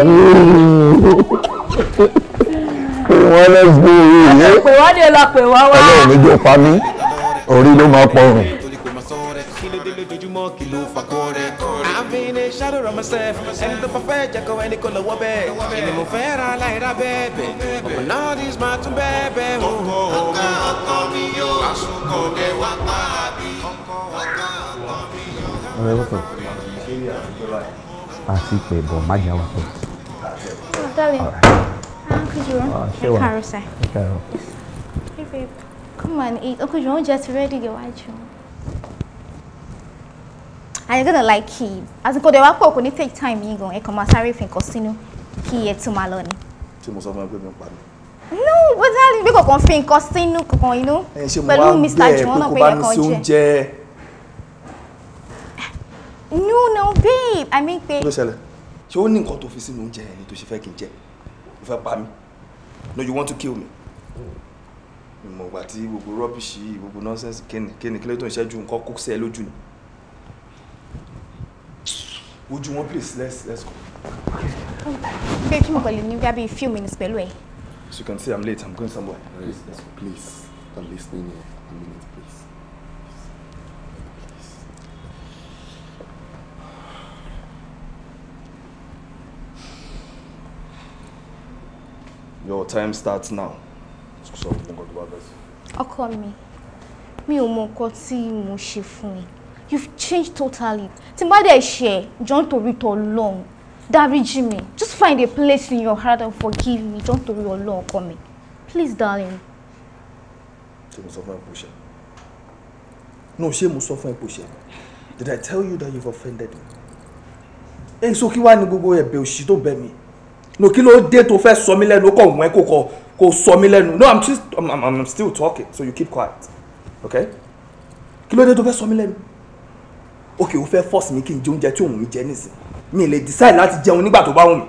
wọ́n let's go yìí. ẹ
pè
wá ní ẹ la pè wá wá. ọlọ́run
mi jẹ́ pa mí orí ló máa pọ̀rùn. kí ló dé lójoojúmọ́ kí ló fàkọ́
rẹ̀ shadow of myself ẹni tó bá fẹ́ jẹ́ kó ẹni kò lọ́wọ́ bẹ́ẹ̀ ẹni mo fẹ́ ra láìra bẹ́ẹ̀ bẹ́ẹ̀ ọ̀pọ̀ náà dis máa tún bẹ́ẹ̀ bẹ́ẹ̀ o. ọkọ ọkọ mi yóò àsùnkò dé wá pa bí.
ọ̀rẹ́ wọ́pọ̀ àti pé bọ̀ má jà wọ́pọ̀.
Oh, darling ah, uncle Jerome ah, ẹ káàárọ̀ sir. ẹ káàárọ̀. hey babe come on eat uncle just ready ti rẹ́ẹ̀dì gẹ̀wájú and you're gonna like it as nǹkan dẹ̀ wá pọ̀ kò ní take time yín go. ẹ kàn máa sáré fi nǹkan sínú kí ẹ tún máa lọ ni. tí mo sọ fún ẹ pé no but darling bí kankan fi nǹkan sínú kankan inú
pẹ̀lú mr juwon náà pé ẹ kàn
no no babe i mean pé. kí ló
ṣẹlẹ̀ ṣé ó ní nǹkan tó fi sínú oúnjẹ ẹni tó ṣe fẹ́ no you want to kill me ìmọ̀ ìgbà tí gbogbo rọ́bìṣì gbogbo nọ́nsẹ́nsì kíni kíni kílẹ̀ tó ń ṣẹ́jú nǹkan kó sí ẹ ni. Would you want please let's let's go.
bẹ́ẹ̀ kí mo kàn lè ní bí i few minutes pẹ̀lú
as you can see i'm late i'm going somewhere. please please, please. please stop listening here a minute please. Your time starts now. So,
ọkọ mi mi ò mọ nǹkan tí mo ṣe fún ẹ you've changed totally tí n bá dẹ̀ ṣe jọ̀ọ́ nítorí tọ́ lọ́hùn just find a place in your heart and forgive me jọ̀ọ́ nítorí long for me, please darling.
no she must suffer fún push kò did i tell you that you've offended me ẹ sọ kí wàá ní gbogbo ẹ̀bẹ̀ òṣì tó bẹ̀ mí no kí ló dé tó fẹ́ sọ mí lẹ́nu ó kọ̀ wọ́n kó kọ kó sọ no i'm just I'm, I'm, i'm still talking so you keep quiet okay kí ló dé tó fẹ́ sọ mí Okay, o fẹ́ force mi kí n jẹ oúnjẹ tí òun mi jẹ nísìn mi lè decide láti jẹun nígbà tó bá wù mí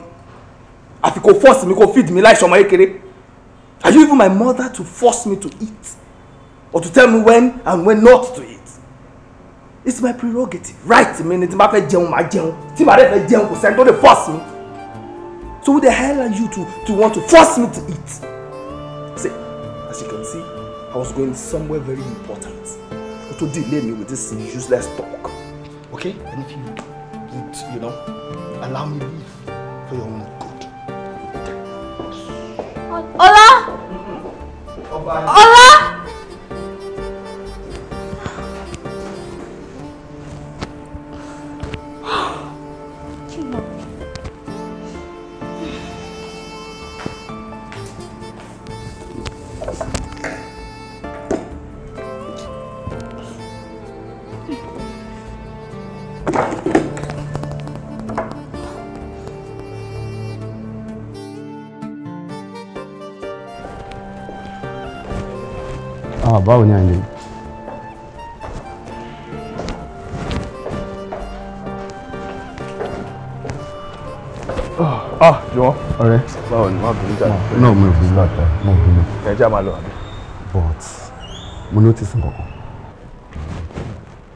àfi kò force mi kò feed mi láì ṣọmọ kékeré are you even my mother to force me to eat or to tell me when and when not to eat it's my prerogative right mi ni tí n bá fẹ́ jẹun màá jẹun tí màá dẹ̀ fẹ́ jẹun kò sẹ́ni tó lè force mi so who the hell are you to to want to force me to eat see as you can see I was going somewhere very important to delay me with this useless talk. Okay? And if you didn't, you know, allow me to leave for your
own good. Ola! Mm-hmm. Ola!
báwo ni àyè.
ah jọ ọ̀rẹ́ báwo ni má bínú jáde. náà mo bínú láti mo bínú. ẹja máa lọ àbí.
but mo notice nǹkankan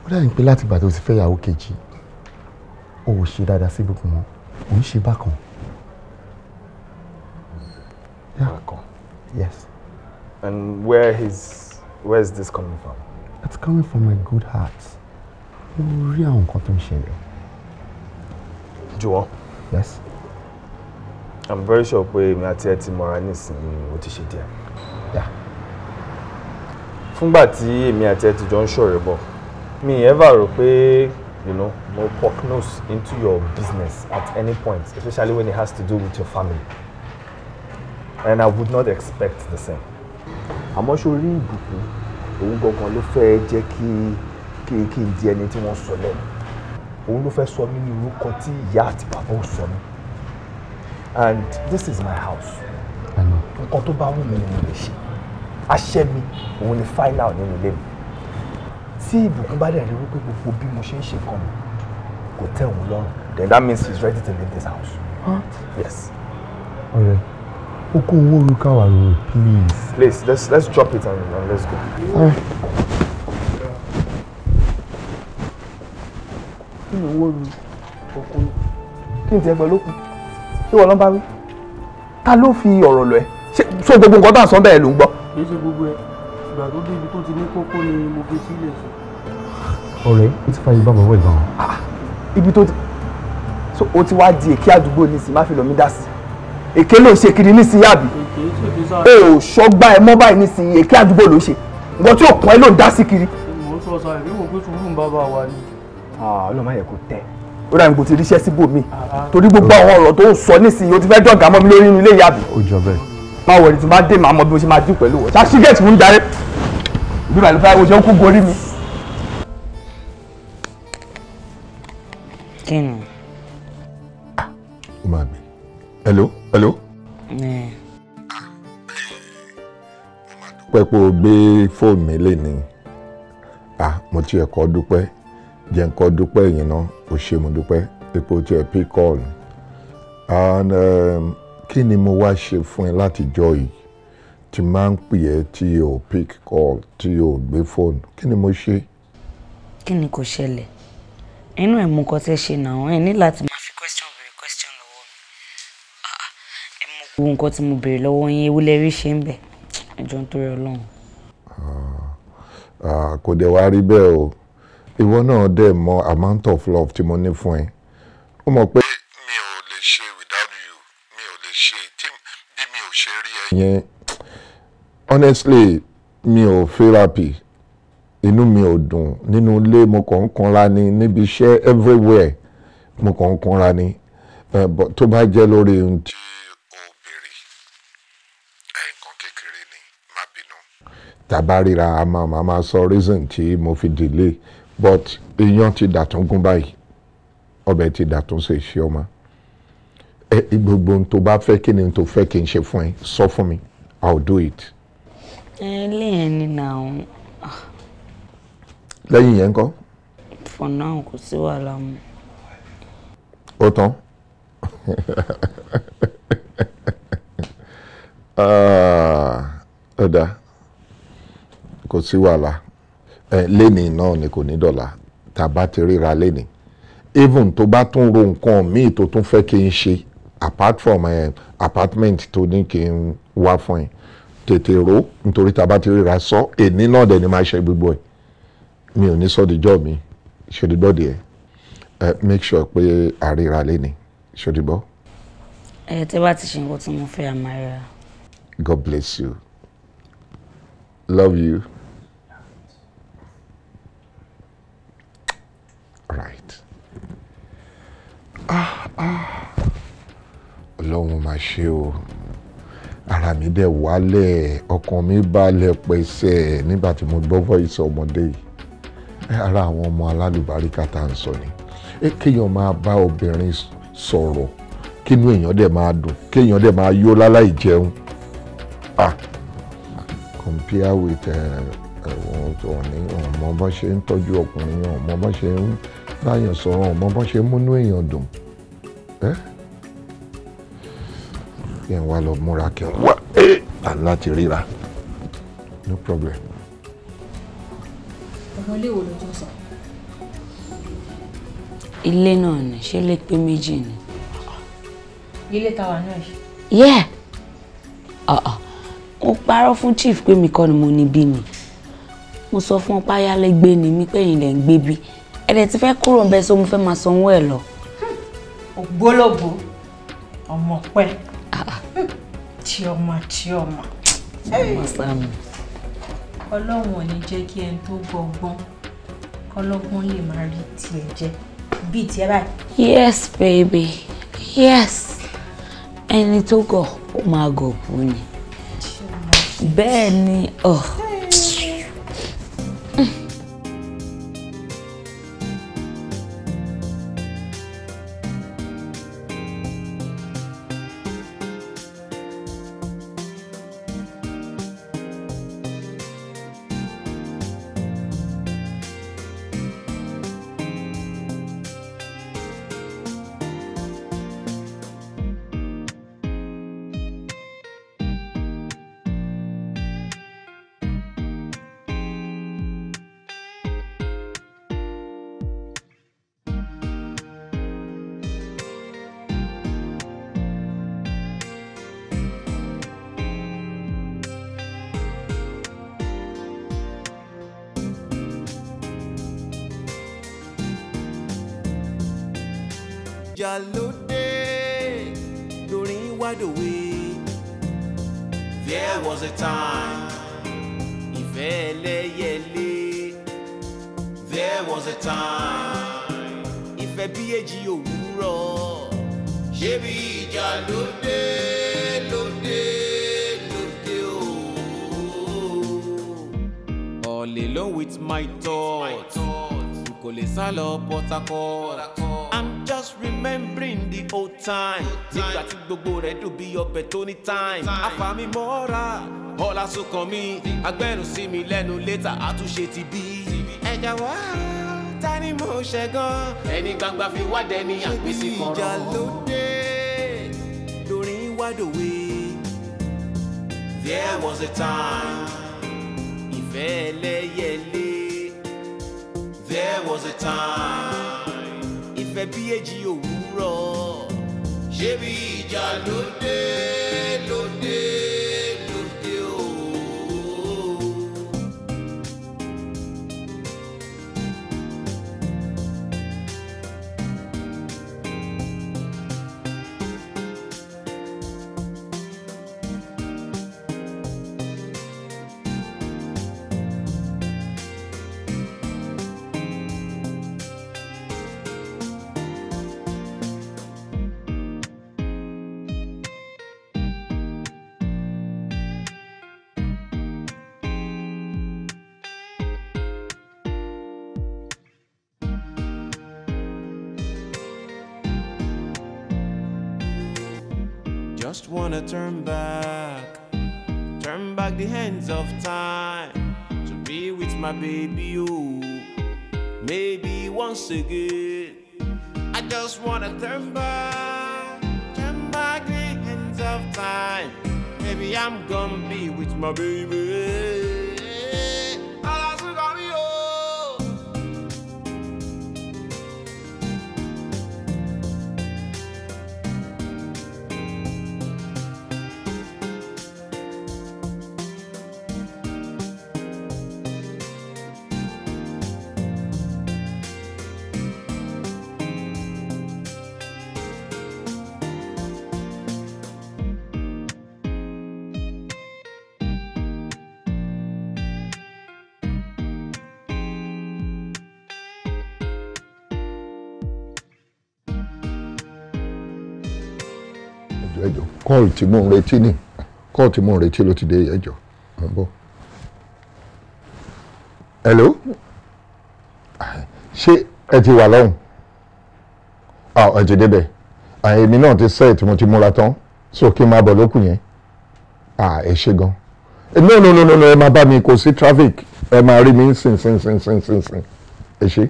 ó dàbí pé láti ìgbà tó ti fẹ́ ìyàwó kejì ó ò ṣe dáadáa sí ibùkún wọn ò ń ṣe bákan.
bákan. yes. and where is where is this coming from?
It's coming from my good heart. Mo rí àwọn nǹkan tó Yes.
I'm very sure pé èmi àti ẹ ti mọra nísìnyí o ti Yeah. Fúngbà tí èmi àti ẹ ti jọ ń ṣọ̀rẹ́ bọ̀, mi ever rò you know, more pork nose into your business at any point, especially when it has to do with your family. And I would not expect the same àmọ́ ṣó rí ìbùkún òun gangan ló fẹ́ jẹ́ kí kí kí n di ẹni tí wọ́n sọ lẹ́nu òun ló fẹ́ sọ mí ní orúkọ tí ìyá àti bàbá ò sọ mí and this is my house nǹkan tó bá wù mí ni mo lè ṣe àṣẹ mi òun ni final nínú ilé mi tí ìbùkún bá dẹ̀ rí wípé gbogbo bí mo ṣe ń ṣe kan mi kò tẹ́ òun lọ́rùn then that means he is ready to leave this house. Huh? yes.
Okay please.
Please, let's let's drop it and, and let's go. Alright. Kí ni owó ru òkun? Kí ni ti ẹgbẹ́ lókun? Ṣé wọ́n lọ́n bá wí? Ta ló fi ọ̀rọ̀ lọ ẹ? Ṣé gbogbo nǹkan tó à ń sọ bẹ́ẹ̀ ló ń gbọ́? Kì í ṣe gbogbo ẹ̀. Ìgbà tó dé ibi tó ti ní kókó ni mo fi sílẹ̀ sùn. Ọ̀rẹ́, ó ti
fàyè bá bàbá ìgbà
ah, Ibi tó ti so o ti wá di èké àdúgbò nísìnyí má fi lọ mí dá sí èké ló ń ṣe kiri nísìnyí àbí o ò ṣọgbà ẹ mọ́ báyìí nísìnyí èké àdúgbò ló ṣe nǹkan tí òkun ẹ ló ń dá sí kiri. mo ń sọ sáré bí mo pé sùúrù ń bá bá wa ah, ni. ọlọ́mọ yẹ kó tẹ ó dàbí kò ti ríṣẹ́ síbòmí ah. torí gbogbo àwọn ọ̀rọ̀ tó ń sọ nísìnyí o ti fẹ́ dọ̀gá mọ́ mi lórí inú ilé yàbí. ó jọ bẹ́ẹ̀. má wọlé tí o bá dé màá mọ bí mo ṣe máa dín pẹ̀lú wọ ṣáṣí gẹ̀ẹ́tì ń darí
bí hello. dúpẹ́ pé o gbé fóònù mi lé ní ah mo ti ẹ̀kọ́ dúpẹ́ jẹ́ nǹkan dúpẹ́ yìí ná o ṣe mo dúpẹ́ epo tí ẹ pick call and um, kí ni mo wá ṣe fún ẹ látijọ́ yìí tí máa ń pè ẹ́ tí o pick call tí o gbé fóònù kí ni mo ṣe.
kí ni kò ṣẹlẹ̀ inú ẹ̀ mú kọ́ ṣe náà ẹ ní láti. Gbogbo nǹkan tí mo béèrè lọ́wọ́ yín ewu lẹ́rí ṣe ń bẹ̀ ẹjọ́ ń torí Ọlọ́run.
Ah, ah, kò dẹ̀ wá rí bẹ́ẹ̀ o ìwọ náà dẹ̀ mọ amount of love tí mo ní fún ẹ ó mọ̀ pé mi ò lè ṣe without you mi ò lè ṣe bí mi ò ṣe rí ẹ yẹn honestly mi ò feel happy inú mi ò dùn nínú ilé mo kàn ń kanra ni níbi iṣẹ́ everywhere mo kàn ń kanra ni eh, tó bá jẹ́ lórí ohun tí. tàbá ríra a máa máa máa sọ reason tí mo fi delay but iyán ti dàtún gún báyìí ọbẹ̀ ti dàtún ṣe ṣe ọmọ ẹ gbogbo tó bá fẹ́ kí ni tó fẹ́ kí n ṣe fún ẹ sọ fún mi i will do it.
ẹ lẹ́yìn ni na ah. òun.
lẹ́yìn yẹn kọ́.
for now kò sí wàhálà mu.
ó tán. ọ̀dà. Ah, kò sí wàhálà lẹ́nìí náà ni kò ní dọ̀la tá a bá ti ríra lẹ́nìí even tó bá tún ro nǹkan míì tó tún fẹ́ kí n ṣe apart from uh, apartment tó ní kí n wá fún ẹ tètè ro nítorí tá a bá ti ríra sọ èní náà dẹ̀ ni máa ṣe gbogbo ẹ̀ mi ò ní sọ́díjọ́ mi ṣòdìgbọ́dì ẹ̀ make sure pé àríra lẹ́nìí ṣòdìgbọ́.
ẹ tí wàá ti ṣe nǹkan tí mo fẹ́ àmàlà.
God bless you. Love you. right
ah ah
ọlọ́run mà ṣe o ara mi dẹ̀ wálẹ̀ ọkàn mi balẹ̀ pẹ̀sẹ̀ nígbà tí mo gbọ́ voice ọmọdé yìí ara àwọn ọmọ alálùbáríkà tá à ń sọ ni kéèyàn máa bá obìnrin sọ̀rọ̀ kínú èèyàn dẹ̀ máa dùn kéèyàn dẹ̀ máa yó láláì jẹun ah compare with ẹ̀wọ̀n eh, eh, ọ̀nì ọ̀mọ bá ṣe ń tọ́jú ọkùnrin ọ̀mọ bá ṣe ń báyàn sọ̀rọ̀ ọ̀mọ bọ́n ṣe múnú èèyàn dùn ẹ́ kí n wá lọ múra kí n wá láti ríra no problem.
ọmọ ilé wo ló tún sọ.
ilé náà ni ṣé lè pé méjì ni. ilé táwa náà ṣe. yeah ah, ah. mo parọ́ fún chief pé mi kọ́ ni mo ní bí ni mo sọ fún ọpáyálégbé ni mi pé yín lẹ̀ ń gbé bí ẹ̀dẹ̀ ti fẹ́ kúrò ńbẹ so mo fẹ́ máa sanwó ẹ̀ lọ. ògbólógbò ọmọ
pẹ́ tí ọmọ tí ọmọ.
ọlọ́run ò ní jẹ́ kí ẹni tó gbọ́gbọ́n kọ́lọ́gbọ́n lè máa rí tiẹ̀ jẹ bíi tiẹ̀ báyìí. yes baby yes ẹni tó gọ̀ ó máa gọ̀ bù ni bẹ́ẹ̀ ni. Oh.
tó time. àfàmì mọ́ra ọ̀la sọkàn mi agbẹ́rùn sí mi lẹ́nu létà àtúnṣe ti bí. ẹ jọ̀wọ́ ta ni mo ṣe gan. ẹni gbangba fi wádẹ ní àgbèsí kọ̀rọ̀. ìjà ló dé lórí wádòwe. there was a time. ìfẹ́ ẹlẹ́yẹlé. there was a time. ìfẹ́ bí èjì òwúrọ̀. ṣé bí ìjà ló dé. Just wanna turn back, turn back the hands of time to be with my baby. Oh, maybe once again. I just wanna turn back, turn back the hands of time. Maybe I'm gonna be with my baby.
kọ́ọ̀lù tí mò ń retí ni kọ́ọ̀lù tí mò ń retí ló ti dé ẹjọ́ mo ń bọ̀. hello ṣé ẹ ti wà lọ́hùn ah ẹ ti débẹ̀ èmi náà ti sẹ́ẹ̀ tí mo ti múra tán so kí n máa bọ̀ lókù yẹn ah ẹ ṣe gan no no no no ẹ máa bá mi kò sí traffic ẹ máa rí mi sìn sìn sìn sìn sìn sìn ẹ ṣe.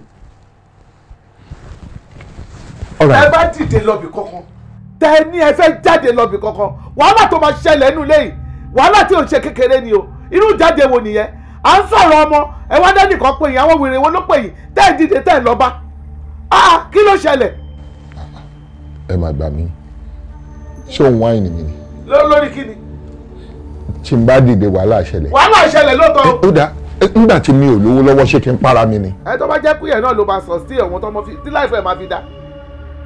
ẹ
bá dìde lọ bí kankan tẹ ẹ ní ẹ fẹ́ jáde lọ́bì kankan wàhálà tó máa ṣẹlẹ̀ nù lẹ́yìn wàhálà tí ò ń ṣe kékeré ni o irú jáde wo nìyẹn à ń sọ̀rọ̀ ọmọ ẹ wá dání kan pé ìyàwó wèrè wo ló pè yìí tẹ́ ẹ dìde tẹ́ ẹ lọ́ba ah, ah kí ló ṣẹlẹ̀.
ẹ máa gbà mí ṣé òun wáìnì mi ni.
lórí kí ni.
tí n bá dìde wàhálà ṣẹlẹ̀.
wàhálà ṣẹlẹ̀ lóòótọ́.
ó dáa nígbà tí mi ò lówó lọ́wọ́ ṣé kí n para mi ni.
ẹ tó bá jẹ́ pé ẹ̀ náà ló máa sọ sí ẹ̀wọ̀n tó mọ́ fi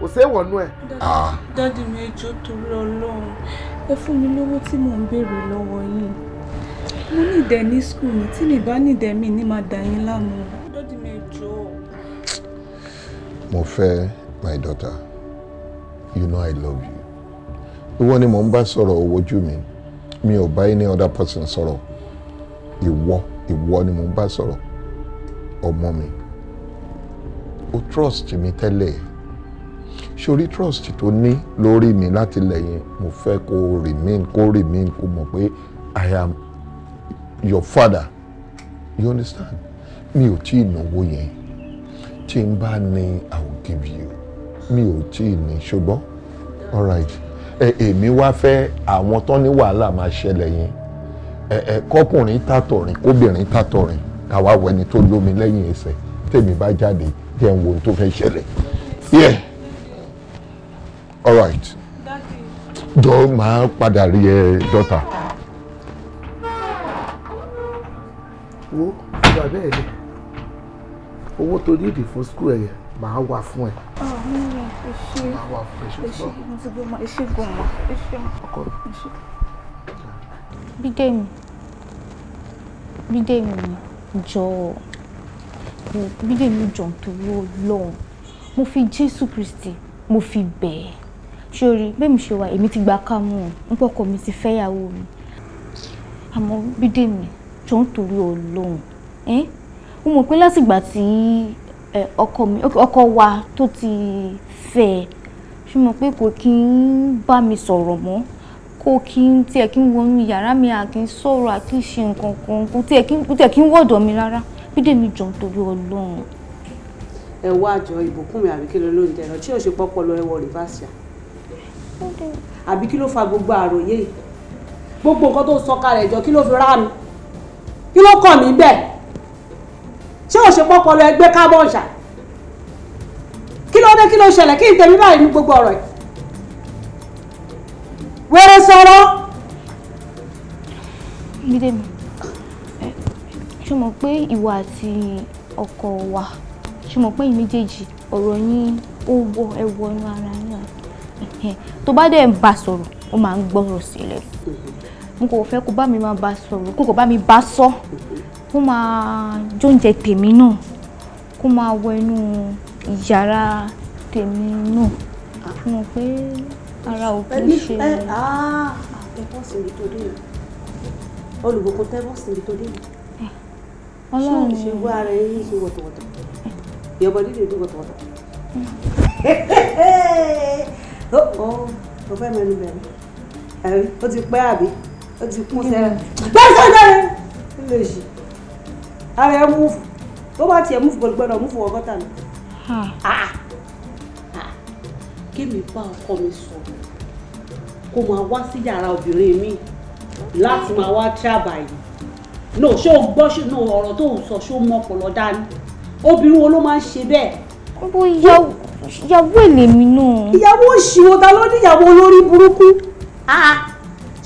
kò sí èèwọ̀ ẹ̀. dáàdì ah. mi ẹjọ́ torí
ọlọ́run ẹ fún mi lówó tí mò ń béèrè lọ́wọ́ yín mo ní ìdẹ ní skul mi tí mi bá ní ìdẹ mi ní máa dà yín láàmú. dáàdì mi ẹjọ́.
mo fẹ́ my daughter you know i love you ìwọ ni mò ń bá sọ̀rọ̀ owó ojú mi mi ò bá any other person sọ̀rọ̀ ìwọ ìwọ ni mò ń bá sọ̀rọ̀ ọmọ mi o trust mi tẹ́lẹ̀ sórí trust tó ní lórí mi láti lẹ́yìn mo fẹ́ kó remain kó remain kó mọ̀ pé i am your father you understand mi ò tí ì náwó yẹn tí n bá ní i will give you mi ò tí ì ní ṣùgbọ́n alright èmi wá fẹ́ àwọn tán ní wàhálà máa ṣẹlẹ̀ yẹn kọkùnrin tàtọ̀rìn kóbìnrin tàtọ̀rìn káwá wẹni tó lómi lẹ́yìn ẹsẹ̀ tèmi bá jáde jẹun wo tó fẹ́ ṣẹlẹ̀ yeah all right jọ máa padà rí ẹ dọ́tà.
wo bàbá ẹ̀ lè owó tó ní ìdí fún skul ẹ̀
máa wà fún ẹ.
Bídèmí Bídèmí jọ̀ọ́ Bídèmí jọ̀ọ́ nítorí Ọlọ́run mo fi Jésù Kristi mo fi bẹ̀ ẹ́ ṣórí bẹ́ẹ̀ mi ṣe wà èmi ti gba kámú o ń pọkọ mi ti fẹ́yàwó mi àmọ́ Bídèmí tó ń torí Ọlọ́run mo mọ̀ pé látìgbà tí ọkọ mi ọkọ wa tó ti fẹ́ ẹ ṣe mọ̀ pé kò kí ń bá mi sọ̀rọ̀ mọ́ kò kí ń tiẹ̀ kí ń wọnú yàrá mi à kí ń sọ̀rọ̀ à kí ń ṣe nǹkan kan kò tiẹ̀ kí ń wọ̀dọ̀ mi rárá Bídèmí jọ ń torí Ọlọ́run.
ẹ wá àjọ ìbùkún mi àbíkí lọ lóúnjẹ lọ tí yóò ṣe pọpọlọ ẹwọ rìvásíà àbí kí ló fa gbogbo àròyé yìí gbogbo nǹkan tó sọ kalẹ̀ jọ kí ló fi rá mi kí ló kàn mí bẹ́ẹ̀ ṣé ò ṣe pọ́pọ́lọ ẹgbẹ́ kábọ̀ọ̀ṣà kí ló dé kí ló ṣẹlẹ̀ kí n tẹ̀mí báyìí ní gbogbo ọ̀rọ̀ yìí wẹ́rẹ́ sọ̀rọ̀.
Bídèmí ṣe mọ̀ pé ìwà àti ọkọ wa ṣe mọ̀ pé ìméjèèjì ọ̀rọ̀ yín ó wọ ẹ̀wọ̀ inú ara yín àti tó bá dẹ̀ ń bá sọ̀rọ̀ ó máa ń gbọ́rọ̀ sílẹ̀ n kò fẹ́ kó bá mi máa bá sọ̀rọ̀ kó kò bá mi bá sọ kó máa jóúnjẹ tèmi náà kó máa wọ inú yàrá tèmi náà fún un pé ara ò kí ń ṣe.
olùgbòkun tẹ́wọ́ sí mi tó dé yìí ọlọ́run ṣe wá ara yín ṣe wọ̀tọ̀wọ̀tọ̀ ìyọ̀bọ̀ líle dún wọ̀tọ̀wọ̀tọ̀.
oh ó oh, o fẹ́ mẹ́nu bẹ̀rẹ̀ ẹ̀rí ó ti pẹ́ àbí ó ti kún sẹ́rẹ̀ bẹ́ẹ̀ sọ́jọ́ rẹ̀ ó lè ṣì ara ẹ̀ mú bó bá tiẹ̀ mú fún gbọ́dọ̀ mú fún ọgọ́ta ni. Ah, ah. Ah. kí mi bá ọkọ mi sọ̀rọ̀ kó máa wá sí yàrá obìnrin mi láti máa wá tíráàbà yìí no ṣé bush no ọ̀rọ̀ tó ń sọ ṣé o mọ ọpọlọ dání obìnrin wo ló máa ìyàwó èlé mi náà. ìyàwó òṣìwò ta ló ní ìyàwó olórí burúkú. Ah, ah.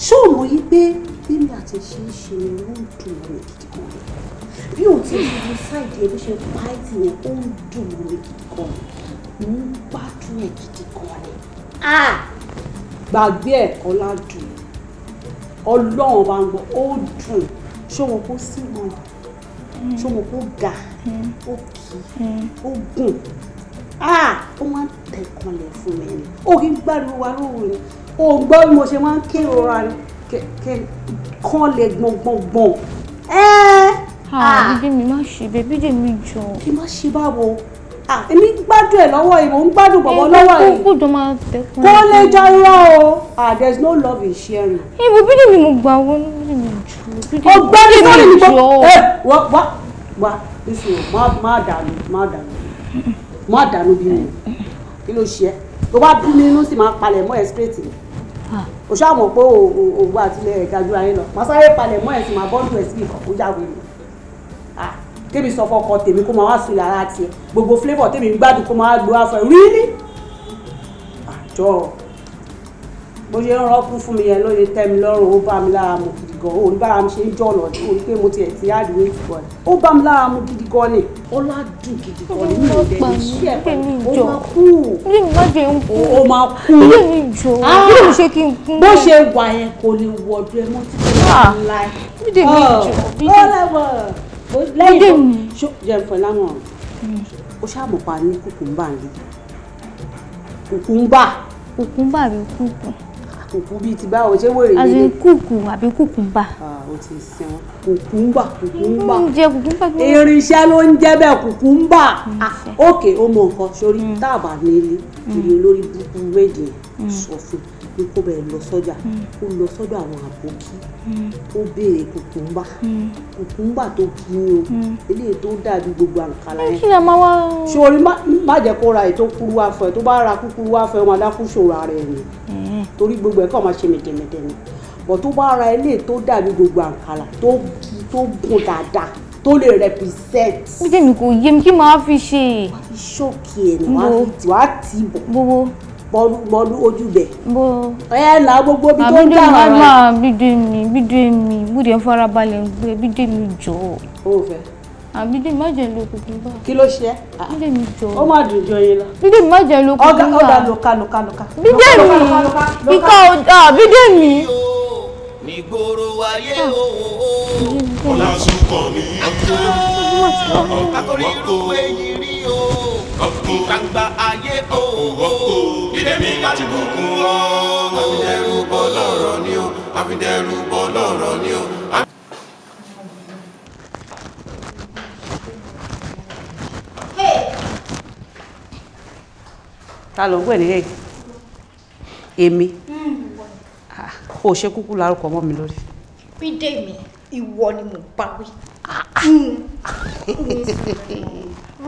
ṣé o mọ̀ yìí pé bímí
àti ṣe ń ṣe ló ń dùn mọ́ mi gidi
kan bí o ti ń lo ṣáìdì ẹ bó ṣe pa ẹ́ tì yẹn ó ń dùn mọ́ mi gidi kan mo ń gbádùn ẹ̀ gidi kan ni. Ah. gbàgbé ẹ̀kọ́ ládùn ọlọ́run bá ń gbọ́ ó dùn ṣé wọn kó sí wọn ṣé wọn kó ga hmm. ó kì í hmm. ó gùn. Ah, ó máa ń
tẹ ìkànlẹ̀ fún mi ni
ó kì í gbàdúrà wa lóru ni ó gbọ́ bí mo ṣe máa ń kérora ni kànlẹ̀ gbọ̀ngbọ̀ngbọ̀n. Ah, ah! bíbí mi má ṣe bẹ́ẹ̀ bíbí mi jọ. kí má ṣe báwo èmi gbádùn ẹ lọ́wọ́ yìí mò ń gbádùn bọ̀bọ̀ eh, lọ́wọ́ yìí kó
gbọ́dọ̀ máa tẹ̀kọ́ kó lè jọ irọ́ o ah
there is no love in sharing. ibo eh, bídè mi mo gbà wọ́n
bídè mi jù bídè
mi jù ọgbẹ́ni tó lè ní bọ́ ẹ eh, wá wá wá nísìnyí má dàlú má dàlú má dànù bí mi kí ló ṣe tó bá bí mi inú sì máa palẹ̀ mọ́ ẹ̀ straight o ah. ṣáà mọ̀ pé òwò àtìlẹ̀ ẹ̀ka ju ayé lọ màá sáré palẹ̀ mọ́ ẹ̀ sì bọ́ọ̀lù ẹ̀ sí jáwé mi ah, kémi sọ fọkọ tèmi kó máa wá sùn lára tiẹ̀ gbogbo flavour tèmi gbádùn kó máa gbó afọ rí ní àjọ bó ṣe ń rọ́kú fún mi yẹn ló ṣe tẹ́ mi lọ́rùn ó bá mi lára mu gidi gan ó ní bára mi ṣe ń jọ̀nà tí ó ní pé mo ti ẹ̀ ti àdúró jù gan ni ó bá mi lára mu gidi gan ni ọlá dùn gidi gan ni mi ò dẹ̀ ní ṣí ẹ̀
pẹ̀lú ó máa kú bí mi bá jẹ ń kú
ó máa
kú bí mi jò bí ah! mi
ṣe
kí n kú. bó ṣe wà yẹn kò lè wọ̀dù ẹ mọ́ tí kò ní láì. bí mi oh! jò bí mi jò
lẹ́yìn
tó jẹ́ ìfọ̀ láwọn o ṣàmùpá ní kùkùmbà ní
kùkùmbà. kùkùmbà mi kúkùn
kùkù bíi ti báwo ṣé wèrè nílé. àti
kùkù àbí kùkùmbà. o ti sin kùkùmbà
kùkùmbà. ń mm, jẹ
kùkùmbà. irinṣẹ́
ló ń jẹ́ bẹ́ẹ̀ kùkùmbà. òkè ó mọ nǹkan sórí mm. táàbà nílé ìrìn mm. olórí burúkú méje sọ fún pé kó bẹ̀rẹ̀ lọ sọ́jà ó lọ sọ́dọ̀ àwọn àbókí ó béèrè kùkùmbà kùkùmbà tó kí o eléyìí tó dàbí gbogbo àǹkàlà yẹn. kí ni a máa wá. sori má jẹ́ kó ra ètò kúrú afọ ẹ̀ tó bá ra kúkúrú afọ ẹ̀ wọn adákùsọ̀rọ̀ ara ẹ̀ ni. Eh torí gbogbo ẹ̀ kọ́ máa ṣe mẹ̀tẹ̀mẹ̀tẹ̀ ni bọ̀ tó bá ra ilé tó dàbí gbogbo àǹkàlà tó kí tó gùn dáadáa tó lè represent.
mi jẹ́ mi kò yé mi kí màá fi ṣe. ṣókè ẹ̀ ni wàá ti bọ̀. gbogbo ojú bẹ̀. ẹ là gbogbo bí tó ń dà wá. àbídé mi bídé mi bídé mi bùdé farabalẹ̀ gbé bídé mi jọ̀ọ́. ó fẹ́ àbídé má jẹ lo kùkùmbà. kí ló ṣe é. bídé mi jọ. ó má dùn jọ yín lọ. bídé mi má jẹ lo kùkùmbà. ọ̀gá ọ̀gá lòka lòka lòka.
bídé mi
ìka ọ̀dà bídé mi. nígboro ayé ah. owó ọ̀làsùnkàn
ní ọkọ̀ akọ̀rírú ẹ̀yìn rí o ìgbàgbà ayé owó bídé mi láti bùkún ọ́ àfidẹ́rù bọ́ lọ́rọ̀ ni ó àfidẹ́rù bọ́ lọ́rọ̀ ni ó.
ta ló ń pè nílé èmi ò hmm. ah, ṣe kúkú lárúkọ mọ́ mi lórí.
pídé mi ìwọ ni mo bá wí. Ah, hmm. ah.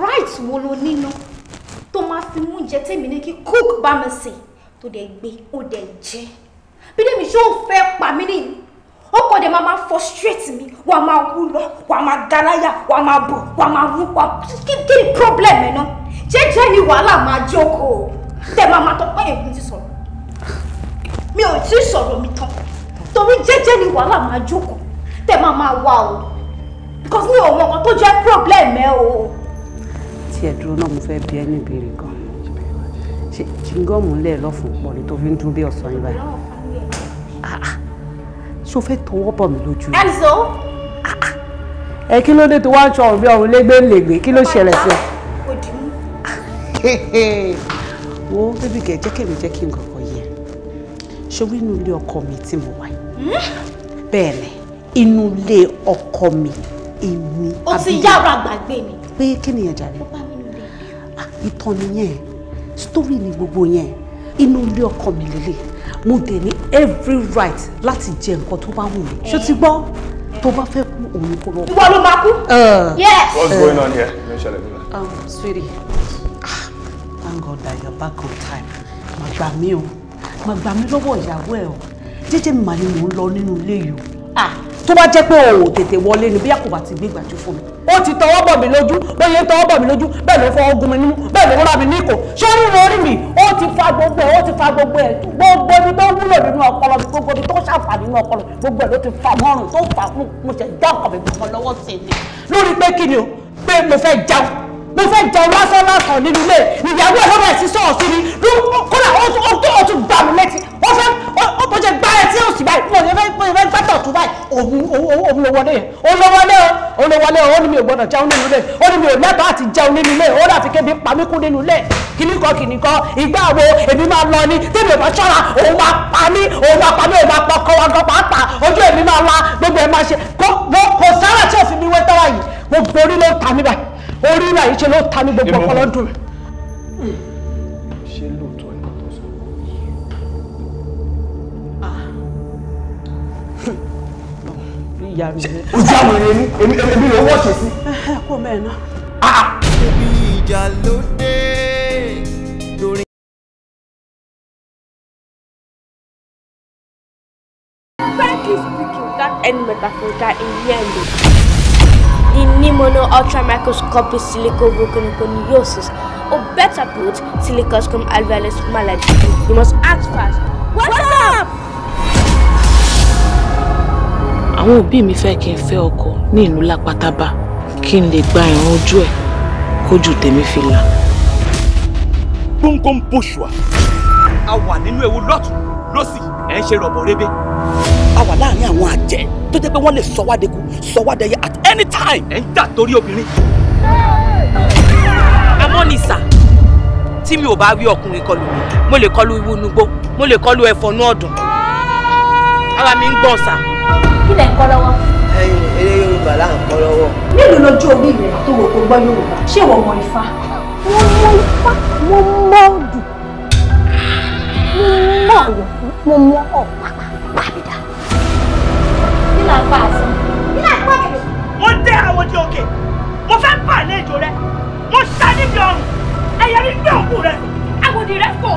right wo ló nínú tó máa fi mú oúnjẹ tèmi ní kí cook bá mi sè tó dẹ̀ gbé ó dẹ̀ jẹ́ pídé mi ṣó fẹ́ pa mí nìyí ọkọ dẹ̀ máa máa frustrate mi wàá máa wú lọ wàá máa galáyà wàá máa bọ̀ wàá máa wú wàá kí ni problem ẹ̀ náà jẹ́jẹ́ ni wàhálà máa jókòó tẹ́ máa máa tọ́ pé èmi ti sọ̀rọ̀ mi ò tí ì sọ̀rọ̀ mi tán torí jẹ́jẹ́ ni wàhálà máa jókòó tẹ́ máa máa wà o because mi ò mọ nǹkan tó jẹ́ problem ẹ o.
tí ẹ dúró náà mo fẹ́ bí ẹ níbi rẹ̀ gan ṣe jíngọ́ọ̀mù lẹ̀ lọ́fun pọ̀ ni tó fi ń dún bí ọ̀sán yìí báyìí ṣo ah, ah. fẹ́ tọwọ́ bọ̀ mí lójú. ẹ ǹ so. ẹ kí ló dé tó wá ń sọ ọ̀rùn bí ọ̀rùn légbé kí ló oh ṣẹlẹ̀ sí ọ wo bébí kẹ jẹ́ kẹ́mi jẹ́ kí n kọ̀kọ̀ yẹ ṣogbó inú ilé ọkọ mi tí mo wà yìí bẹ́ẹ̀ ni inú ilé ọkọ mi èmi àbí. o ti yára gbàgbé mi. pé kí nìyẹn jàre ah, ìtàn nìyẹn story ni gbogbo yẹn inú ilé ọkọ mi lélẹ̀ mo dẹ̀ ní every right láti jẹ nǹkan tó bá wù mí ṣó ti eh. gbọ́ tó bá fẹ́ kú òun kò lọ. ìwọ ló máa kú. Eh. yes. what's
going on here?
Um, sweetie
thank God that you're back on time mà gbà mí o mà gbà mí lọ́wọ́ ìyàwó ẹ̀ o jẹ́jẹ́ mi mà ni mò ń lọ nínú ilé yìí o ah tó bá jẹ́ pé o tètè wọlé ni bóyá kò bá ti gbé ìgbàjú fún mi. ó ti tọwọ́ bọ̀ mí lójú bóyá ń tọwọ́ bọ̀ mí lójú bẹ́ẹ̀ ló fọwọ́ gún mi nínú bẹ́ẹ̀ ló rà mí níkò ṣé nínú orí mi ó ti fa gbogbo ẹ̀ ó ti fa gbogbo ẹ̀ gbogbo ibi tó wúlò nínú ọpọlọ mi gbogbo ibi tó ṣàǹfààní nínú ọpọlọ mi gbogbo ẹ̀ ló ti fa mọ́rùn tó fà mú mo ṣe dá ọkọ̀ mi gbọ̀ngàn lọ́wọ́ sí i lórí pé kí ni o pé mo fẹ́ jáwọ́ mo fẹ́ jẹun lásán lásán nínú ilé ìyàwó ẹ̀ lọ́wọ́ ẹ̀ sí sọ̀rọ̀ sí mi kódà ó tún gbà mí létí ó fẹ́ ó bó ṣe gbá ẹ tí ó sì báyìí mo ṣe fẹ́ gbàtọ̀ tún báyìí òun ló wọlé òun ló wọlé òun ló wọlé òun ni mi ò gbọdọ̀ jẹun nínú ilé ó ní mi ò lẹ́tọ̀ọ́ àti jẹun nínú ilé ó dàbí kébi pàmí kú nínú ilé kìnnìkọ kìnnìkọ ìgbà wo èmi máa lọ ni tèmi ò bá ṣọ́ra òun máa pa mí òun máa pa mí òun máa pa ọkọ wa gan pàápàá ojú èmi máa la gbogbo ẹ̀ máa ṣe kò sára tí òfin mi wé tọ́wọ́ yìí gbogbo orí ló ń báyìí orí ìwà yìí ṣe ló ta ní gbogbo ọpọlọ dùn.
ṣé lóòótọ́ ni tó sọ.
ìjà àwọn èmi èmi èmi ló wọ́ọ̀ṣì sí. kó mẹ́ẹ̀ náà. ibi ah, ah. ìjà ló dé
lórí. metaphor that in the end the pneumono ultramicroscopic silicovolcanoconiosis, or better put, silicoscum alveolus malady. You must act fast. What's, What's up?
Àwọn òbí mi fẹ́ kí n fẹ́ ọkọ ní ìlú Lápátábá kí n lè gba ìran ojú ẹ̀
kójú tèmi fi là.
Gbóngàn Bóṣùà, a wà nínú ewu lọ́tún lọ́sì, ẹ̀ ń ṣe rọ̀bọ̀ rébé a wà láàrin àwọn àjẹ́ tó jẹ́ pé wọ́n lè sọ wá dẹkù sọ wá dẹyẹ at any time. ẹ ń jà torí obìnrin. àmọ́ ni sà
tí mi ò bá rí ọkùnrin kọlù mi mo lè kọlù iwu nugbó mo lè kọlù ẹ̀fọ́nú ọ̀dùn ara mi ń gbọ̀n sà.
kí lẹ ń kọ́ lọ́wọ́. ẹyin eré yorùbá là ń kọ́
lọ́wọ́. mélòó lójú orí rẹ tó wò kó gbọ́ yorùbá ṣé ìwọ mọ ifá. wọ́n mọ ifá wọ́n mọ ọdún mo mọ ọ̀wọ̀ mo mọ ọ̀pá pàpà
máa pa àṣẹ. ilé àgbà gèdè. mo
dé àwọn ojú òkè mo fẹ́ bà ní ìjò rẹ mo ṣá níbi ọrùn ẹ̀yẹ mi gbé òkú rẹ. agodi rẹ fò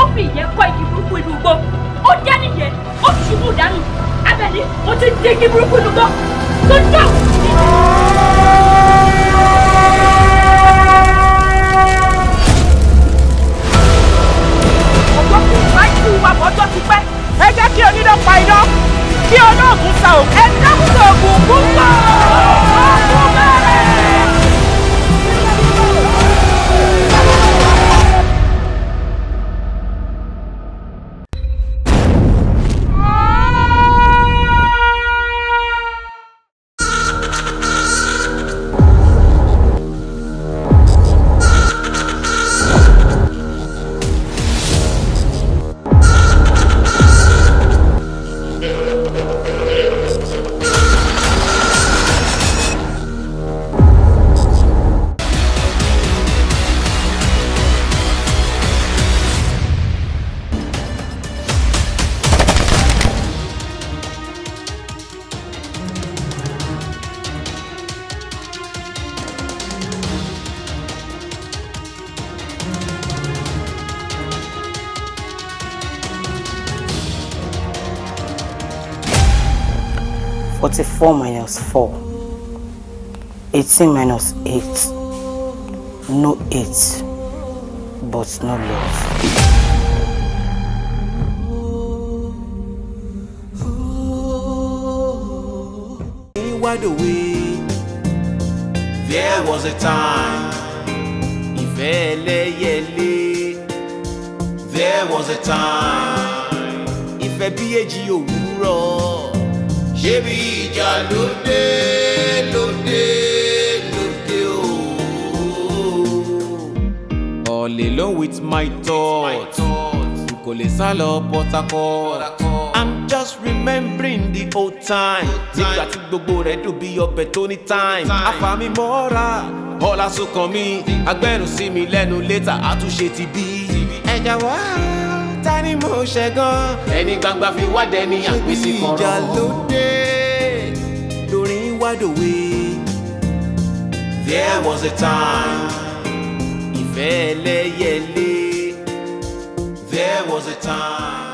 ó fi ìyẹn kọ igi burúkú inú igbó ó dé nìyẹn ó ti ṣubú dànù abẹ́ni mo ti dé igi burúkú inú igbó tó dáhùn.
ọjọ́ kò wáyé ìwà ti pẹ́ ẹ jẹ́ kí onídàá iná kí olóògùn sa ògùn ẹni púpọ̀. minus four eighteen minus eight no eight
but no love. Wide awake, there was a time. Ìfẹ́ ẹlẹ́yẹlé, there was a time. Ìfẹ́ bí èjì òwúrọ̀. ṣebí ìjà ló dé ló dé ló dé all alone with my thoughts n kò lè sá lọ Port I'm just remembering the old time. Nígbà tí gbogbo rẹ̀ dùn bí ọbẹ̀ tó ní time. Àfàmì mọ́ra, ọ̀la sọkàn mi. Agbẹ́rùn sí mi lẹ́nu létà, àtúnṣe ti bí. Ẹja wá ta ni mo ṣe gan. Ẹni gbangba fi wá dẹni àpèsè kọ̀rọ̀. Ìjà ló wide awake. There was a time. Ìfẹ́ ẹlẹ́yẹlé. There was a time.